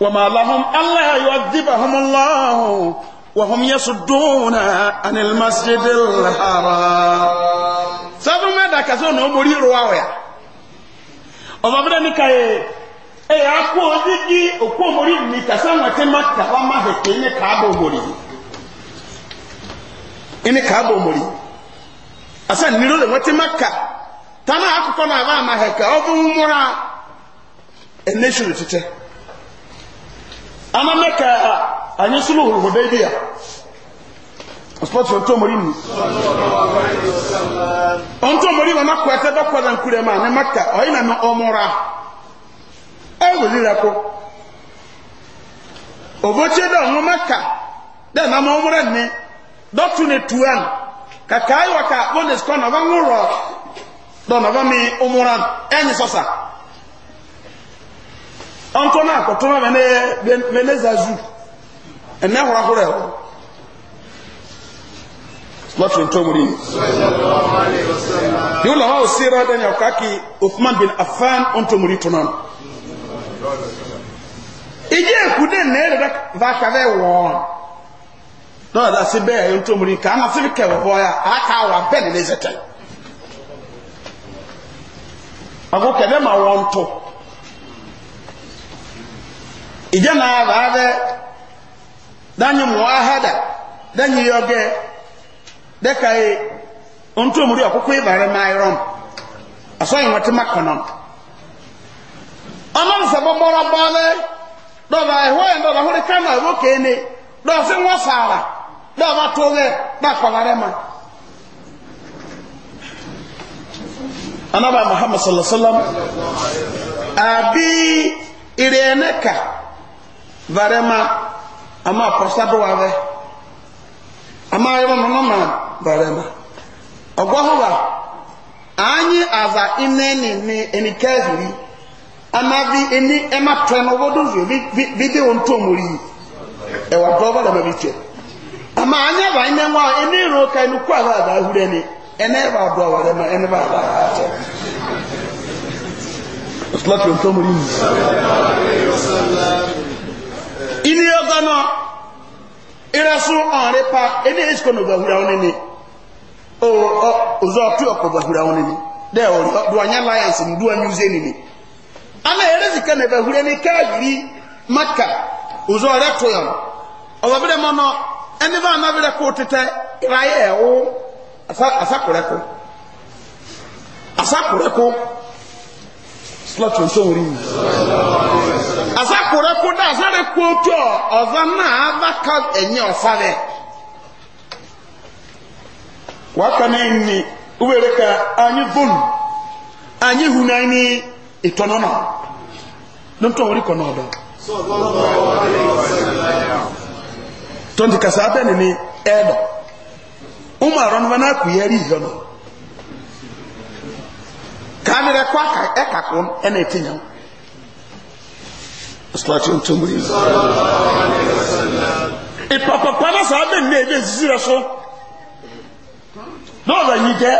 wa ma lahum ala yɔ diba humulahu wa hum yasuduna anil masjidil haram sabu mɛ e da kasi o na omori yɛrɛ wa wɛ ɔbɛ bi da ni ka ye ɛ e, y'a ko o ti di o ko omori mi kasi anw ka te ma ta wa ma hɛ kɛ ne k'a ka abụ omori asa niro le wati maka tana akụkọ na aba ama heka ọ bụ mmụrụ a eneshuru tete ama meka anyị sụrụ hụrụ bebi ya ọsọtụ ntụ omori mu ntụ omori ma makwa ete bakwada nkwure ma ne maka ọyị na ọmụrụ a eweliri akụ obochi ebe ọṅụ maka dị na ma ọmụrụ nne dɔtune tuan kakaa yi wa ka wone sikɔ na ba ŋorɔ dɔ na mi umuran ɛnyi sɔsa ɔntɔ na akɔtɔma mɛ ne mɛ ne zazu ɛnɛ hɔrɔ ha ɛwɔ lɔtun tomori yi wula hɔ sira dɛ nyɛ kaki ofuman bin afan ɔntomori tunan ije ekude nɛɛrɛ dɛ va kavɛ wɔn. dɔw da se bɛɛ ka se kɛ wɔ ya a ka wa bɛɛ ni ne zɛtɛ a ko kɛlɛ ma wɔn to ìjẹ́ náà ahada bẹ́ dányé mọ̀háhádà dányé yọgẹ́ dẹ́ka yìí ohun tó múrí ọ̀kọ́kọ́ ìbàrẹ̀ máa rọm bẹ́ẹ̀ bá tó bẹ́ẹ̀ bá kọ̀ọ̀lá ma. anaba muhammad sallallahu alaihi wa sallam àbí ama ma àmà pọ̀sábọ̀wá ama ma varẹ́ ma ọgbọ́hùwà anyị aza ineni ni enikẹ́hìrì amavi eni ẹma na vi vi vi de ohun tó mọ̀ yìí bi ama anya ba ime ka ala ada ma ene ba ala ate Ọ̀sùlọ́pì ọ̀tọ́ mú rí mi. Inú ọgọ́ pa, ẹni èsì kò nùgbà hùrà ni. Òzò ọ̀tú ọ̀kọ̀ gbà hùrà wọn ni. Dẹ́ ọ̀rọ̀ duwanya lions ní duwa news ni. Maka, ɛne ba ama berɛ koo tetɛ ra yɛ e ɛwo asakorɛ ko asakorɛ ko slɔtɔ nsɔwuri yi asakorɛ ko ka anyị ɔfa anyị hụ na ɛni ni na ne ntɔn wɛrɛ kɔ tonti kasa abɛni ni ɛɛdɔ umar ɔno bana akuyɛ ɛri yɔ no kaani rɛ kɔ aka ɛka kɔn ɛna eti nyam asopati ntomri ipapapa na saa abɛni na ebi esisi rɛ so dɔɔba yi jɛ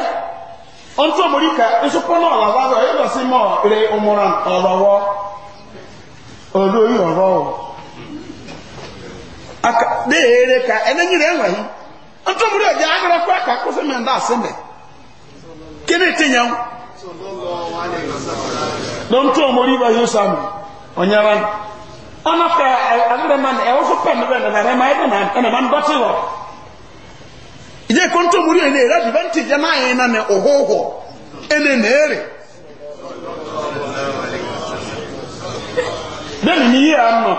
ɔntɔ mori ka nsopɔ na ɔlaba rɛ ɛyɛ lɔsi mɔ ere ɔmɔran ɔlɔwɔ olu ɔlɔwɔ. aka deere ka enenyi enweghị nwahi nto muri oje agara kwa ka ko se menda aseme kene tenya don to muri ba yusam onyara ana ka e, e, na ma ebe na na man ije ko na ina ne ohoho ene nere ya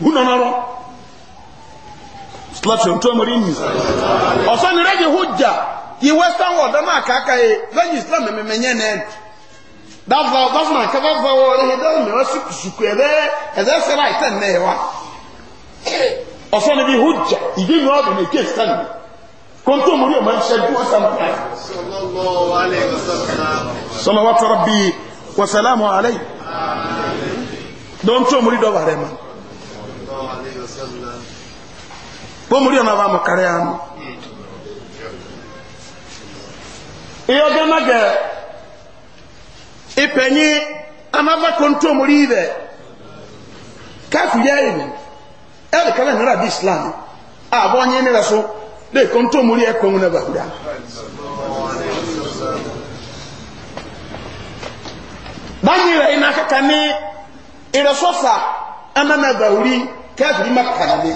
huno naro slapsho mtu amorini osa ni reje hujja yi western world ama kaka ye venye islam memenye ne dava dava kava vawo rehe dawo me wasu kusuku ebe ebe se right en ne wa osa ni bi hujja ibi mi odo me ke stand kontu muri o man shedu osa mu sallallahu alaihi wasallam salawatu rabbi wa salamu alayhi don to muri do bare man Bomuri ọ̀nà bá mọ̀ kárẹ́ àánú ihe ọdẹ magẹ ìpẹ̀yí anábàkọ ntòmúrí ibẹ̀ káfíyà ìlú ẹ̀rì kálẹ̀ nira bí islam àbọ̀ ọ̀nyẹ́ nira so lẹ́ẹ̀kọ́ ntòmúrí ẹ̀kọ́ ń nàbà bakuda. báyìí rẹ̀ iná kàkà ní ìrẹsọ́sà ẹ̀mẹ́mẹ́ bàwùrí kafiri maka na ne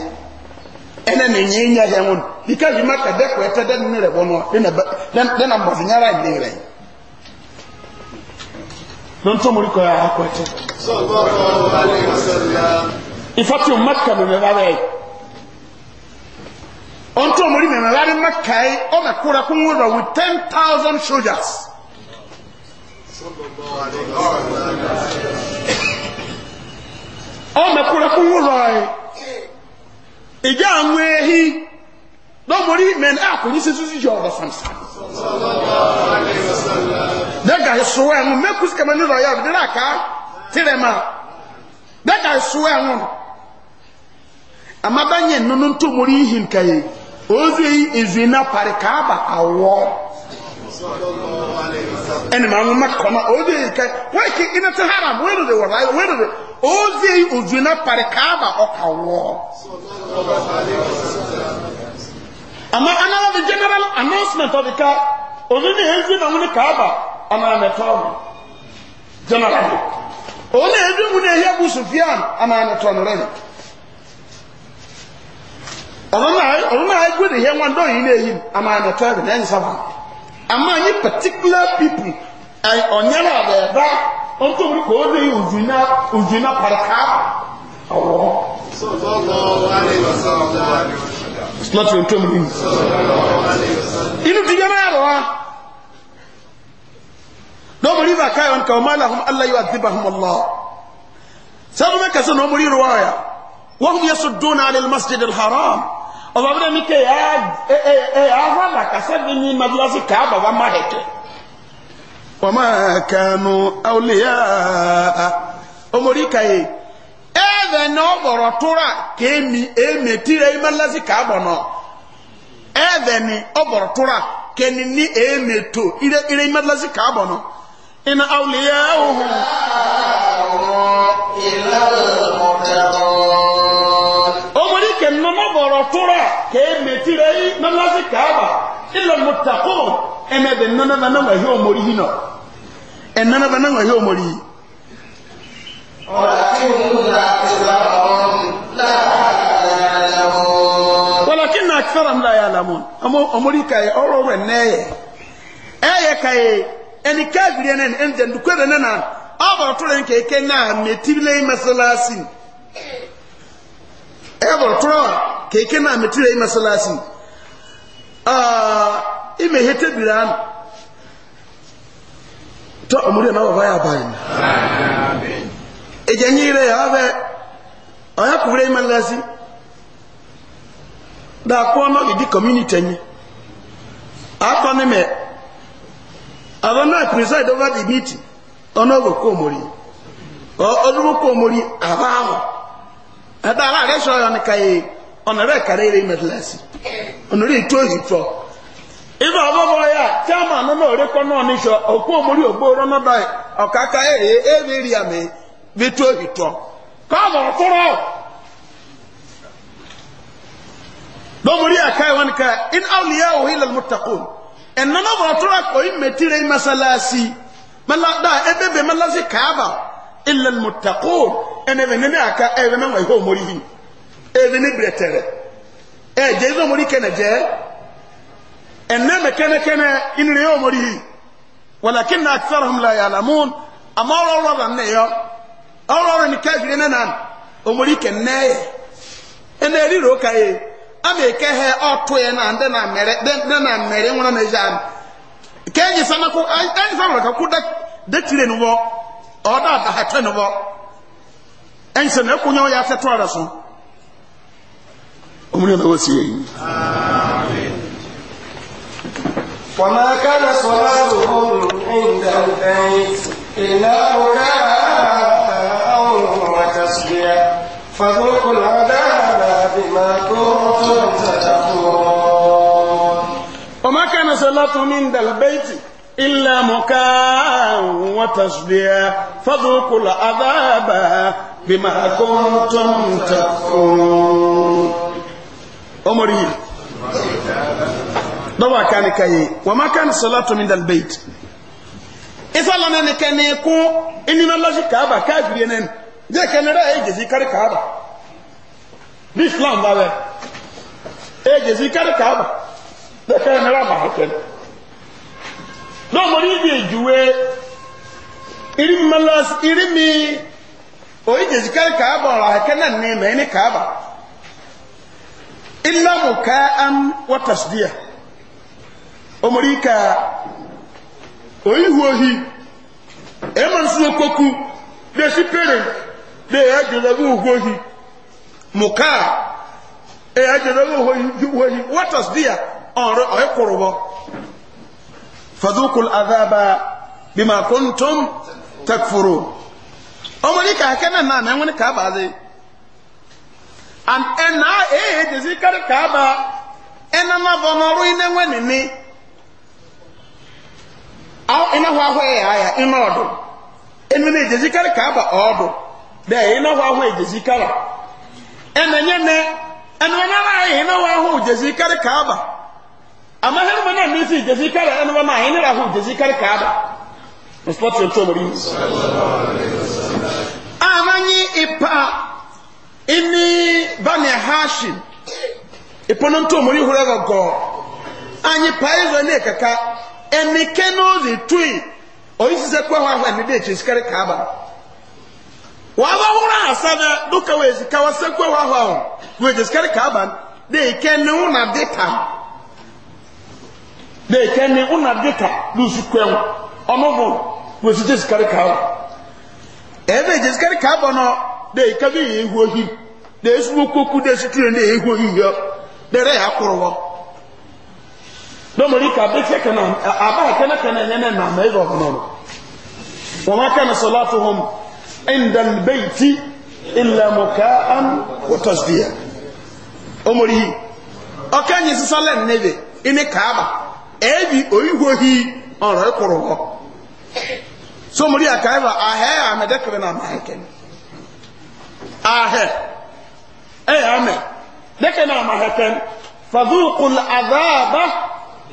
ɛna ne nye nya hɛ ho ni kafiri maka dɛ kɔ ɛtɛ dɛ ne rɛ bɔ no dɛ na dɛ dɛ na mbɔfin yara ne rɛ don tó mori kɔ ya akɔ ɛtɛ. ifati o maka mi mɛba bɛ e. on tó mori mɛmɛ wari maka yi e, ɔmɛ kura ko n wúlò with ten thousand soldiers. ọmọkùnrin fún wúrọ̀ ị ìjọ àwọn ehi lọ́mọrí mẹ́ni àkùnrin sí tún yọ ọ̀rọ̀ sàmsà dẹ́gà ìṣòwò ẹ̀hún mẹ́kù sí kẹmẹ́ nírọ̀ yà bí dịrị aka tìrẹ̀ máa dẹ́gà ìṣòwò ẹ̀hún àmàbáyé nínú tó mórí ihi nkẹyẹ ezu na pari ka wọ́n ozie ozi na pari kaaba ɔkawɔ ama anara the general announcement of the car ozuna ezi na wuli kaaba ana anatɔ no general ozuna ezi wuli ehi abu sufian ana anatɔ no rɛ ɔzɔnna ayi gbɛdɛ hɛ wọn dɔn yi na ehi ana anatɔ no rɛ ɛnsa ba ama anyi particular people. ọ̀nyẹ́rẹ́ àbẹ̀ẹ̀dá ọ̀ntọ́ mi kò ó lé òjìnà òjìnà pàrọ̀ká ọ̀wọ́. láti ọ̀ntọ́ mi nínú. inú ti yẹ́mẹ́ ẹ̀rọ wa lọ́mọ rí bàkà yọ̀ nǹkan ọmọ aláhùn aláyọ̀ àdébà hùn ọlọ́ sábà mẹ́ka sọ na ọmọ rí rọwà yà wọ́n yẹ sọ dún náà lẹ́nu masjid alharam ọba bí wọ́n mi kẹ́ ẹ̀ ẹ̀ ẹ̀ ẹ̀ وما كانوا أولياء أمريكا ebe na ọ bọrọ tụra ka emi emetire ime nlazi ka agbọnọ ebe ni ọ bọrọ tụra ka eni ni emeto ire ire ime nlazi ka agbọnọ ina awuliya ohun. omori ke nnọọ bọrọ tụra ka emetire ime nlazi ka agba ịlọ mụtakọ emebe nnọọ na na nwa ihe omori hi nọ. ẹ̀nana bá náà wáyé ọmọ ya wọ́lọ́kí náà fẹ́ràn láyé alamọ́ ọmọrí kàyẹ ọrọ̀ rẹ̀ nẹ́yẹ ẹ̀yẹ kàyẹ ẹni kẹ́bìrì ẹni ẹni náà náà to omuri na ya bayin amen ejenyire yabe aya kubure imalazi ya ko no di community ni akọ ni me abana preside over the meeting ono go ko omuri o oduru ko omuri abaho ada ala re so yo ni kai onere ohi ibe ọbọbọ ya chama nọ na orikọ nọ n'isọ okwu omori ogboro nọ da ọkaka eye ebiri e, e, ya mee bitu ohitọ ka ọ bọrọ fọrọ lọmọdé aka ẹwọn ká in awliya ohi lal mutakun ẹnna náà bọrọ tọrọ akọ imetire masalasi malada ebebe malasi kaaba ilal mutakun ẹnẹbẹ nínú aka ẹbẹ náà wọ ihe omori yìí ẹbẹ ní ẹ jẹ ẹbẹ omori kẹnẹ jẹ. ẹnẹ mẹkẹnẹkẹnẹ inú rẹ yóò mọ rìhì wàlàkì náà akitara hàn láyà àlàmún àmọ ọrọ ọrọ là nà yọ ọrọ ọrọ ní káàkiri nínú àná òmòrì kẹnẹ yẹ ẹnẹ ríro ká na ama eke hẹ ọtọ yẹ náà ndẹ náà mẹrẹ ndẹ náà mẹrẹ ńwọn náà ẹyẹ àná kẹyìn sanako ẹyìn sanako kakú dẹtire ni وما كان صلاتهم عند البيت إلا مكاء وتسبيا فذوقوا العذاب بما كنتم تتقون وما كان صلاتهم عند البيت إلا مكاء وتسبيا فذوقوا العذاب بما كنتم تتقون أمري dɔba kan ka ye wa ma kan sɔla tomi dal beit isala ne ne kɛnɛ ko immunology kaaba kafiri ne ne kɛnɛ dɛ e jesi kari kaaba ni islam ba bɛ e jesi kari kaaba ne kɛnɛ ne ba ma kɛnɛ dɔw mɔni bi juwe iri malas iri mi o yi jesi kari kaaba ɔra kɛnɛ ne mɛ ne kaaba illa mu ka'an wa tasdiya omurika oyihu ohi emansu okoku desi pere de ejazabu ohu ohi muka ejazabu ohu ohi what was there ọrọ ọkụrụbọ fadukul azaba bima kuntum takfuru omurika akena na na enwere ka abazi and ena eh ejezi ka aba ena na e, e e n'ọrụ ine nwe nini ina hɔ ahɔ e yɛ aya ina ɔdo ina na egyezi kari ka aba ɔdo dɛ ina hɔ ahɔ egyezi kari ɛna nye nɛ ɛna wɔn ara ayɛ ina hɔ ahɔ egyezi kari ka aba ama hɛn na nisi egyezi kari ɛna wɔn ayɛ ina ka aba nsɔɔ tiɛ tiɛ mo ri amanyi ipa ini bani hashim ipono ntomori hore gɔgɔ anyi pa ezo ne kaka ẹnikẹ́ni ó lè tó yìí òyìn sísẹ́ pé wọ́n dé èkyè sikari kaaba. wọ́n bá wúrọ̀ àṣà náà dúkà wọ́n èsì káwọ́ sẹ́ pé wọ́n àwọn àwọn wọ́n sikari kàába dé ìkẹ́ni ó na dé ta dé ìkẹ́ni ó nà dé ta lùsù ọmọ bò èsì sikari ihu ohi dé esu dé esu domori ka bi ke kana aba kana kana ne ne na mai ba kana wa ma kana salatuhum inda albayti illa muka'an wa tasdiya omori okanyi sisalen nebe ime kaaba ebi oyigohi ọ̀rọ̀ kụrụ họ so mori aka ebe ahịa ya ame dekere na amaghị kene ahịa eya ame dekere na amaghị kene fadukul azaba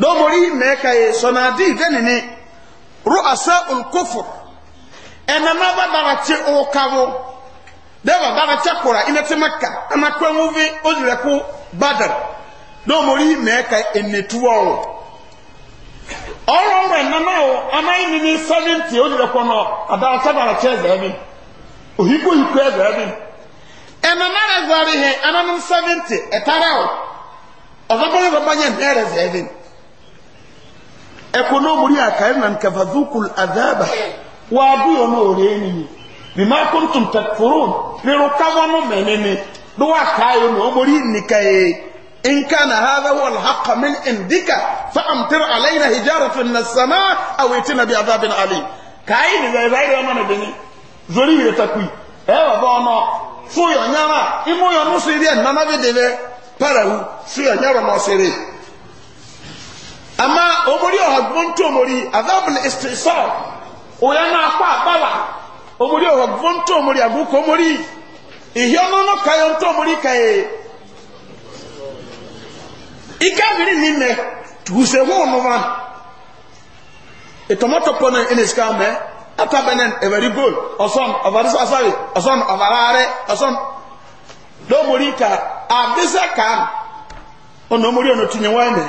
domori mɛka ye sɔnadi denini ru'asa ulkufur ɛnana ba baratse ɔkabo dɛba baratse kora maka ama kpɛmuvi ozirɛ ko ka o ɔrɔ ɔrɔ ɛnana ama yi nini sɛbɛnti ozirɛ kɔnɔ adarasa baratse zɛbi ohiko zɛbi rɛ zɔri hɛ ɛtara o ɔzɔbɔnyi zɔbɔnyi ɛnɛ zɛbi. ekonomori akaina nkavadhukul adhaba wabuyo noreni bima kuntum takfurun lirukava no menene do akayo no mori nikaye إن كان هذا هو الحق من عندك فأمطر علينا هجارة من السماء أو ائتنا بعذاب أليم كاين زي زي ما نبني زوري يتكوي إيه بابا سويا نيارا إمو يا نصيري أنا ما بدي به parahu سويا نيارا ما سيري ama omori ọhagbọ ntọ omori azabul istisal ụya na-akọ omori ọhagbọ omori agụkọ omori ihe ọnụnụ ka ya omori ka ike abiri n'ime tuhusehu ọnụma ìtọ̀mọ́tọ̀pọ̀ náà ẹni ìsìká mẹ́ atábẹ́nẹ́ ẹ̀wẹ̀rí goal ọ̀sán ọ̀bàdísọ́ asáré ọ̀sán ọ̀bàrárẹ́ ọ̀sán lọ́mọrí ka àbísẹ́ kan ọ̀nà ọmọrí ọ̀nà tìnyẹ̀wọ́ ẹ̀mẹ́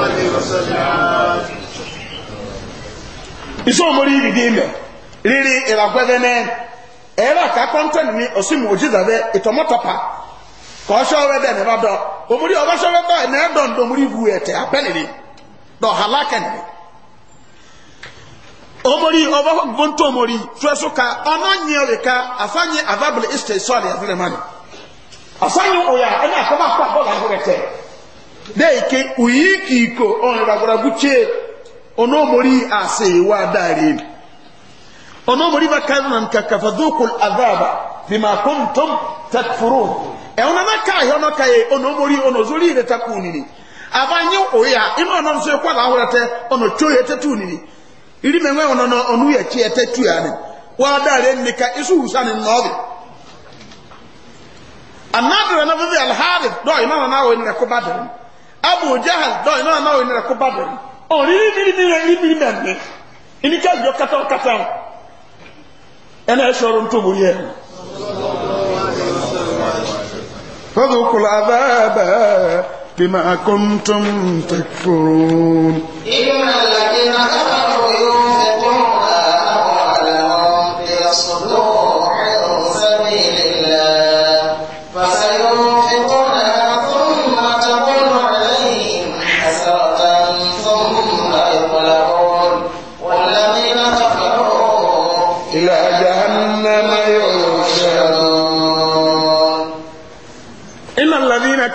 Isi isomori ibidime riri iragwedene era ka kọnten ni osim ojizabe itomotapa ka ọsọwe bẹ ne ba dọ omori ọbasọwe na ne dọ ndomori ibu ẹtẹ apẹlẹli dọ halakẹni omori ọbọgbọntọ omori tuẹso ka ọnọ nyere ka isi asanyi avabili iste sọọli ẹfẹlẹmani asanyi oya ẹni akọba akọ abọla ẹhọrẹtẹ. deike uyika iko ọnrịragwara guchie onomori ase iwe adari onomori baka na nka kafadhukul adhaba bima kuntum takfurun e ona na ka ahia e ona ka ye onomori onozori ile takunini abanyi oya ino ona nso ekwa la ahurate ono choye tetunini iri menwe ono no onu ye chie tetu yani wa adari nika isu usani nobi anadra na bibi alhadith do ina na na wo ni ko abu jahal dɔn ina na wo nira ko ba dɔn ɔn riri riri riri riri riri mɛ mɛ ini ka jɔ kata o kata o ɛna esɔrɔ ntomo yɛ fɔdùkùlù abẹ́ẹ̀bẹ́ bímọ akóńtó ń tẹ̀kùrù. ìgbìmọ̀ ìlàjì náà kábàárọ̀ yóò.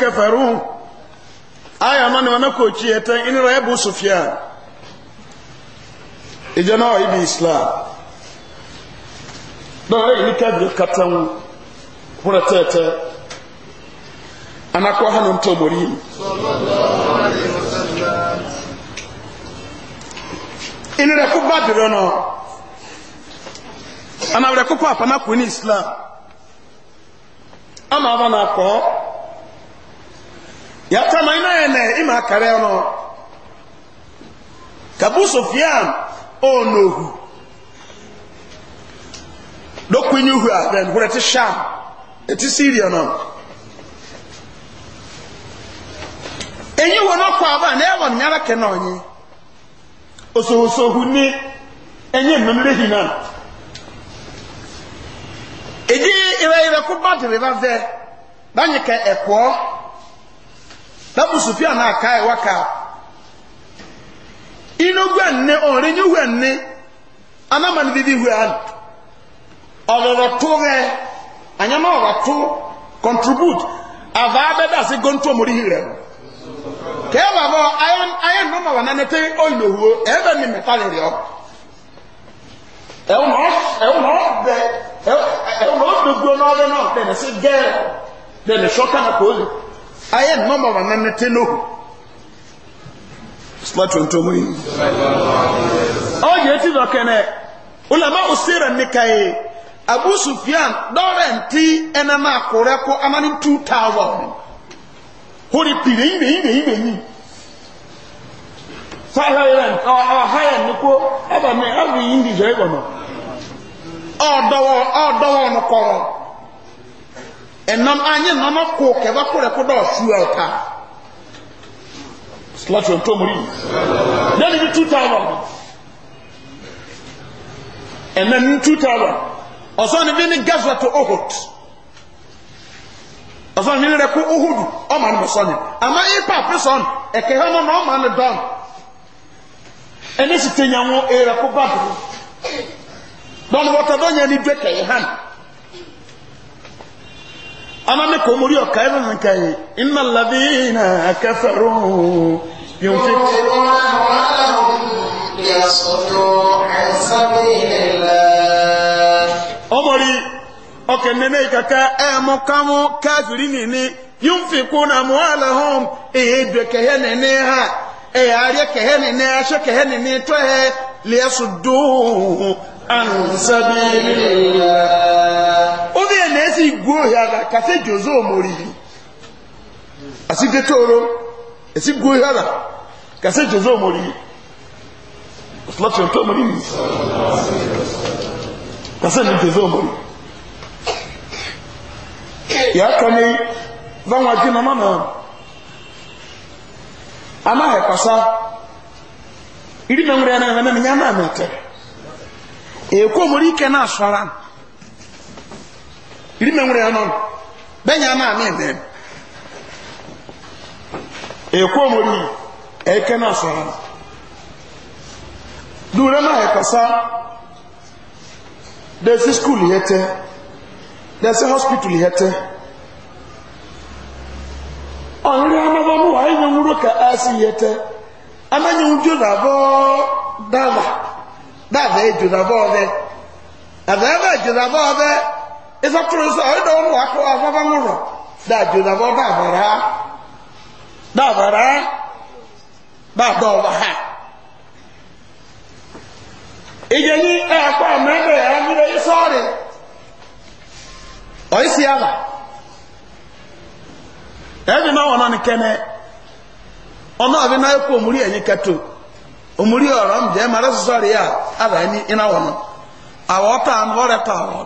كفروا آية من ومكو تشيئة إن رأي سفيان ìjẹ́nà ibi islam náà lẹ́yìn ní kẹ́bìrì katan wúrẹ́ tẹ́ẹ̀tẹ́ anakọ hàn ń tó mọ̀rí ìnirẹ̀kú bá bìrẹ̀ náà anàrẹ̀kú pàpàmàkù ní islam ama abana kọ́ ya náà iná ẹ̀ na ìmọ̀ àkàrẹ́ ọ̀nà kàbú sofiyan ọ̀nà òhù lókùnrin ihu àbẹ̀ nkúrẹ́ ti sham èti e syria náà enyi wọn náà kọ àbá náà ẹ̀wọ̀n nyára na náà yẹn òsòwòsò òhù ní na. eji yìí ire èdè ìrẹ́ ìrẹ́kú bá Abu Sufyan na aka ewa ka inogwe nne ọrịa nyuhwe nne anamani didi hwe an ọrọrọ to hẹ anya na ọrọ to contribute ava abẹda ase gontu omori hirẹ kẹwà bọ ayọn ayọn nọmọ wà nanete oyin owuo ẹbẹ mi mẹta lè rẹ ọ ẹwọn ọ ẹwọn ọ bẹ ẹwọn ọ bẹ gbó n'ọbẹ náà bẹ n'ẹsẹ gẹẹ bẹ n'ẹsọ kánà kò lè. ayé nọmba wà nánà tẹ lóhùn sílátù ntomu yìí. ọ̀yẹ́ etí dọ̀kẹ́nẹ́ ulama usira abu sufiyan dọ́rẹ̀ ntí ẹnẹ́ máa kórẹ́ kó amani two thousand hori pìrè yìí bẹ́yìí ɛnam anyị nam ako kɛba kora ko dɔ su ɛta silasi o ntomori yanni bi two thousand ɛnam ni two thousand bi gaza to ohot bi ama ipa pisɔn ɛkɛ na ɔma ni dɔn ɛni si te nyanwo ɛyɛ e ko ba duro dɔnni wɔtɔ ama mi kò mórí ọ̀ka ẹ̀rọ nìkan yìí iná labi iná akẹ́fẹ̀rọ̀ yóò fi. ọmọrí ọkẹ nínú ìkàkà ẹ mọ kámú káfírí nìní yóò fi kún àmú àlàhùn èdè kẹhẹ nìní ha ẹyà àríẹ kẹhẹ nìní aṣọ kẹhẹ nìní tọ́ ẹ dùn ànsábìlélá. esi gu ohi ada kase jozo omorihi asi detoro esi gu ohi ada kase jozo omorihi ọsọlọtì ọtọ omori mi kase ni jozo omori yà kàn ní na adi nọ nọ amáhẹ na ìdí nàmúrẹ na hàn na yàrá náà mẹtẹ omori irime nwere ya nọ benya na ana eme ekwu omori eke na asara dure na ekasa desi skul yete desi hospital yete ọ̀rẹ́ amábọ́mú wà ní wúrò ka á sí yẹtẹ amáyé ń jòdàbọ́ dáàbà dáàbà èjòdàbọ́ ọbẹ̀ àbẹ̀ẹ́bẹ̀ èjòdàbọ́ ọbẹ̀ ịzọtụrụ nsọ ịdọ ụmụ akwụkwọ ababa nwụrụ dajụ na bọ dabara dabara ha ịga-enye akwa ya mmiri ala ebi na ọwọ na nkene ọnụ ọbịa na-ekwu omuri enyi mara ya ala ịna ọrịa taa ọnụ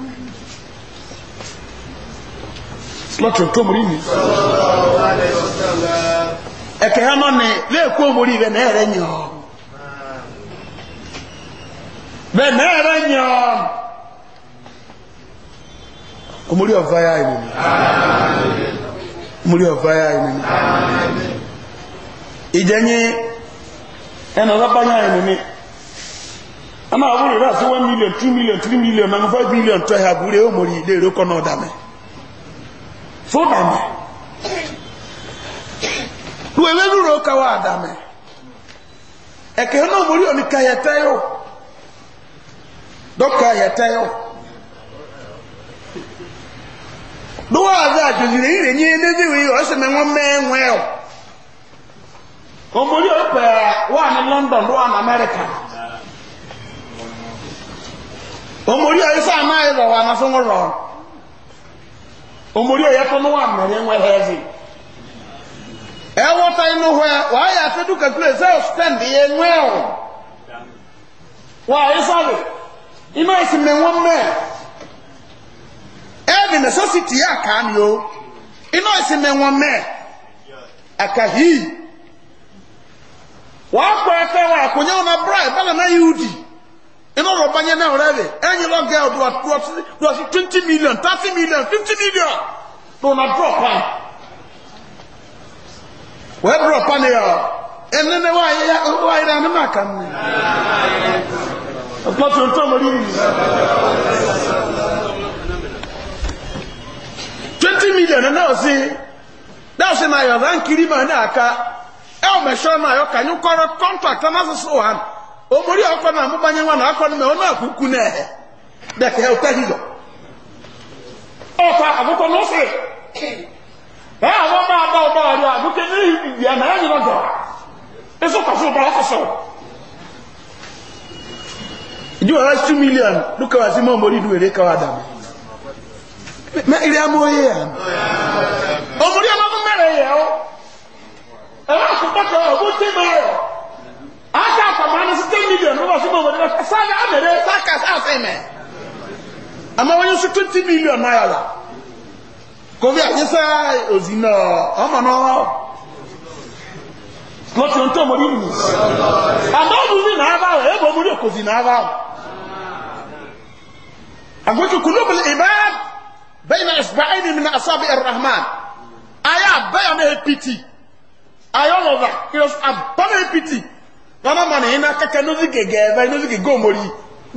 lọ́tọ̀ tó mú rí mi. ẹ̀kẹ́ hàn náà ni lẹ́ẹ̀kọ́ mú rí bẹ́ẹ̀ mẹ́rẹ̀ yàn ọ́ bẹ́ẹ̀ mẹ́rẹ̀ yàn ọ́ omori ọ̀fà yà ìlú mi omori ọ̀fà yà ìlú mi ìjẹ́nyé ẹnà ọ̀dọ́pá yà ìlú mi ama àwọn ìrẹ́ àti one million two million three million and five million tọ́ ẹ̀ àbúrẹ́ omori ilé ìrókọ́ náà dàmẹ́. fụbama wèwé lúrò kawà àdàmẹ ẹkẹ náà mo rí òní kayẹtẹ yó dọkà yẹtẹ yó lówó àdá àjòjìrì yìí rè ní ẹdẹdẹ wìí ọsẹ mi wọn mẹwẹ ọ ọmọ rí ọpẹ wà ní london wà ní amẹríkà ọmọ rí ọyẹsẹ àmà ẹrọ wà ní fún omori oyɛfo no wa mmɛrɛ nwɛ hɛɛzi ɛwɔ e tan no hɔ wɔayɛ afɛdu kakule sɛ spend yɛ nwɛ o wɔayɛ sɔre ima esi mɛ nwɔ mɛ ɛbi e necessity yɛ akaa mi o ima esi mɛ nwɔ mɛ akahi wɔakɔ ɛfɛ wɔ akonya wɔn abra ɛbɛn e na yiwudi iná ọ̀rọ̀ báyẹn náà rẹ̀ rẹ̀ ẹ̀yìn lọ́gẹ̀ ọ̀dọ̀ọ̀sí twenty million thirty million fifty million ló na drop am wẹ́ẹ́ drop am yẹ ọ ẹni ní wàá yẹ wàá yẹ ẹni máa kà mí. ọ̀pọ̀ tó ń tọ́ yìí. twenty million náà sí náà sí náà yọ̀ ọ̀dà ń kiri mọ̀ ní àká ẹ̀ ọ̀mẹ̀ṣọ́ náà yọ̀ kà ní kọ́rọ̀ contract náà sọ̀sọ̀ wà omori ọkọ na amụbanye nwa na akọ nime ọ na-akwụkwụ n'ehe dịka ụta hizọ ọkwa agụkọ n'ụsịrị ee ahụ ọma ada ụba ọrụ agụkọ n'ihi ibi ya na ya nyere ọjọọ ịzụkwasị ụba ọsụsọ ìdí ọ̀rá sí mílíọ̀n lókàwà sí mọ́ omori ìdúwèrè kọwà dà mẹ́rin amóyé ya omori ọmọ mẹ́rin yẹ̀ ọ́ ẹ̀rọ àkùkọ́ kọ̀ ọ̀gbọ́n tẹ́ na amere paka afe mɛ ama wɔn nso twenty million naira la kofi ayisa ozi na ɔma na ɔwɔ lọtí ohun tó mo rí nìyí àmọ́ òun ní nàá bá rẹ̀ ẹ̀bùn ọmọdé kò sí nàá bá rẹ̀ àgbẹ̀tù kùlùbùlù ìbáàd bẹ́ẹ̀ na ìfúbáyé ni mi na asábì ẹ̀rọ̀hàmán ayé àbẹ́yọ̀ náà pìtì ayé ọ̀rọ̀ rà abọ́ náà pìtì dọ́nà ehi nìyí náà kẹ́kẹ́ ní oṣìkè gẹ̀ẹ́fẹ́ ní oṣìkè gómori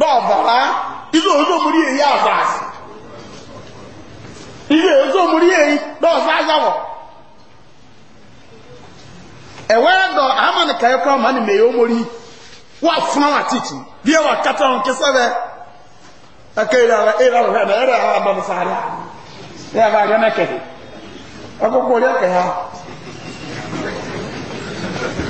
dọ́ọ̀bọ̀rá ilé òṣòmórí èyí àbáàsì ilé òṣòmórí èyí dọ́ọ̀fáàsáwọ̀ ẹ̀wẹ́ dọ̀ àmànìkà ẹ̀kọ́ ọmọ ni mèyí ómórí wà fún àwọn àtìtì bí wọn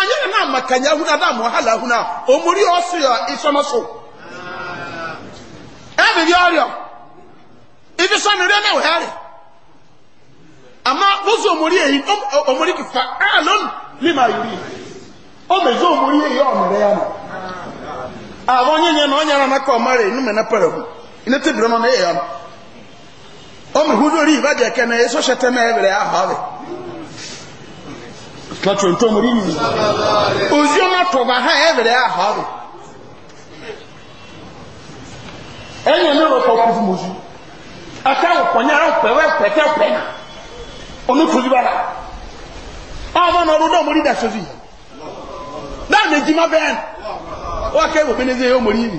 anyere na amakanya huna na mohala huna omori ɔsi ya isono so ɛbi bi ɔrɔ ibi sɔni rɛ na ɔhɛri ama wozu omori eyi omori kifa alon lima yuri ɔmɛ zu omori eyi ɔmɛrɛ ya no àwọn yẹnyẹn na ɔnyẹn na kọ ọmọ na inú mẹ n'apẹrẹ mu iná tẹbi rẹ nọ n'eyẹ ya no ɔmɛ hu lórí ìbàjẹ kẹ ebere sọsẹ tẹ láti ọ̀tọ́ mọ̀rí nìyí òsì ọmọ tọ̀bà ha ẹ̀bẹ̀rẹ̀ àhọ́ rẹ̀ ẹ̀yìn ní ọ̀rọ̀ kọ̀ọ̀kọ̀ fún mọ̀sí akáwọ̀ pọ̀nyá pẹ̀wẹ́ pẹ̀tẹ́ pẹ̀nà onítòlú bára ọmọ náà ọdún mọ̀rí dà sọ́sì dáàmì jí má bẹ́ẹ̀ wọ́n kẹ́ ìwò pínlẹ̀ yóò mọ̀rí nì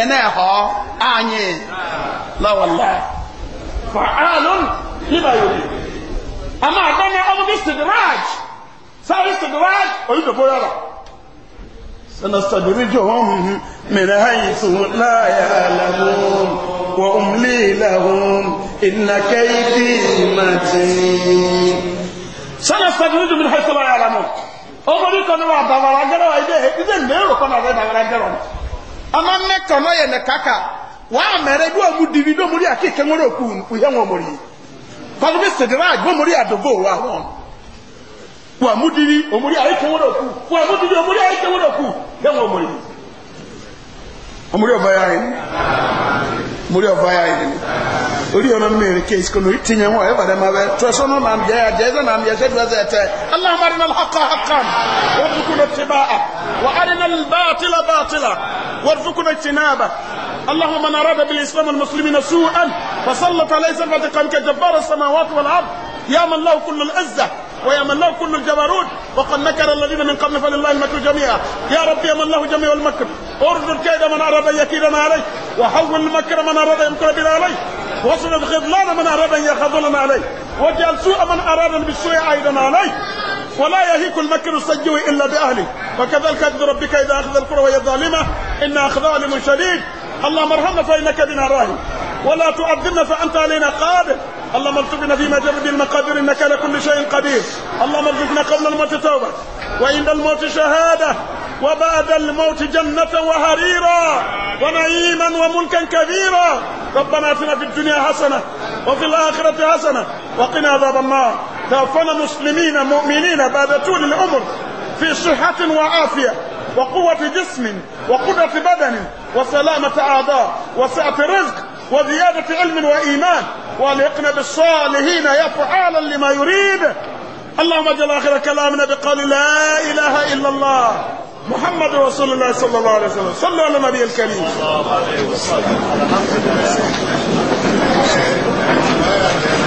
ẹ̀nà ẹ̀họ́ ààyè lọ́wọ́lá fàálùn níbàyò àmà àdáná ọmọ bí sidraj sáyẹ́sìdìwáì oyídòbó rárá sanastadirijuhum min haythu la ya'lamun wa umli lahum inna kaydi matin sanastadirijuhum min haythu la ya'lamun ọmọ ní kan ní wà dàbàrà gẹ́rẹ́ wa ilé ìdíje wa mudiri omuri ayike woro ku wa mudiri omuri ayike woro ku ya ngo omuri omuri ovaya yin omuri ovaya yin ori ona mere case kono itinya wa e bare ma be to so no nam je ya je za nam je se dwa zete allah marina al haqa haqqan wa tukuna tibaa wa arina al batila batila wa tukuna tinaba اللهم من أراد بالإسلام والمسلمين سوءا فسلط عليه سلفة قومك جبار السماوات والأرض يا من له كل العزة ويملاه كل الجبروت وقد مكر الذين من قبل فلله المكر جميعا يا رب يأمن له جميع المكر اردد كيد من أراد أن يكيدنا عليه وحول المكر من أراد أن يمكر بنا عليه واسند خذلان من أراد أن يخذلنا عليه واجعل سوء من أراد بالسوء عيدا عليه ولا يهيك المكر السجوي إلا بأهله وكذلك أخذ ربك إذا أخذ القرى وهي ظالمة إن أخذها لمن شديد اللهم ارحمنا فإنك بنا راهب ولا تؤذنا فأنت علينا قادر اللهم ارزقنا فيما مجرد المقادير انك على كل شيء قدير اللهم ارزقنا قبل الموت توبه وعند الموت شهاده وبعد الموت جنة وهريرا ونعيما وملكا كبيرا ربنا اتنا في الدنيا حسنة وفي الآخرة حسنة وقنا عذاب النار توفنا مسلمين مؤمنين بعد طول العمر في صحة وعافية وقوة جسم وقدرة بدن وسلامة أعضاء وسعة رزق وزيادة علم وإيمان وأن بالصالحين يفعالا لما يريد اللهم اجعل آخر كلامنا بقول لا إله إلا الله محمد رسول الله صلى الله عليه وسلم صلوا على النبي الكريم صلى الله عليه وسلم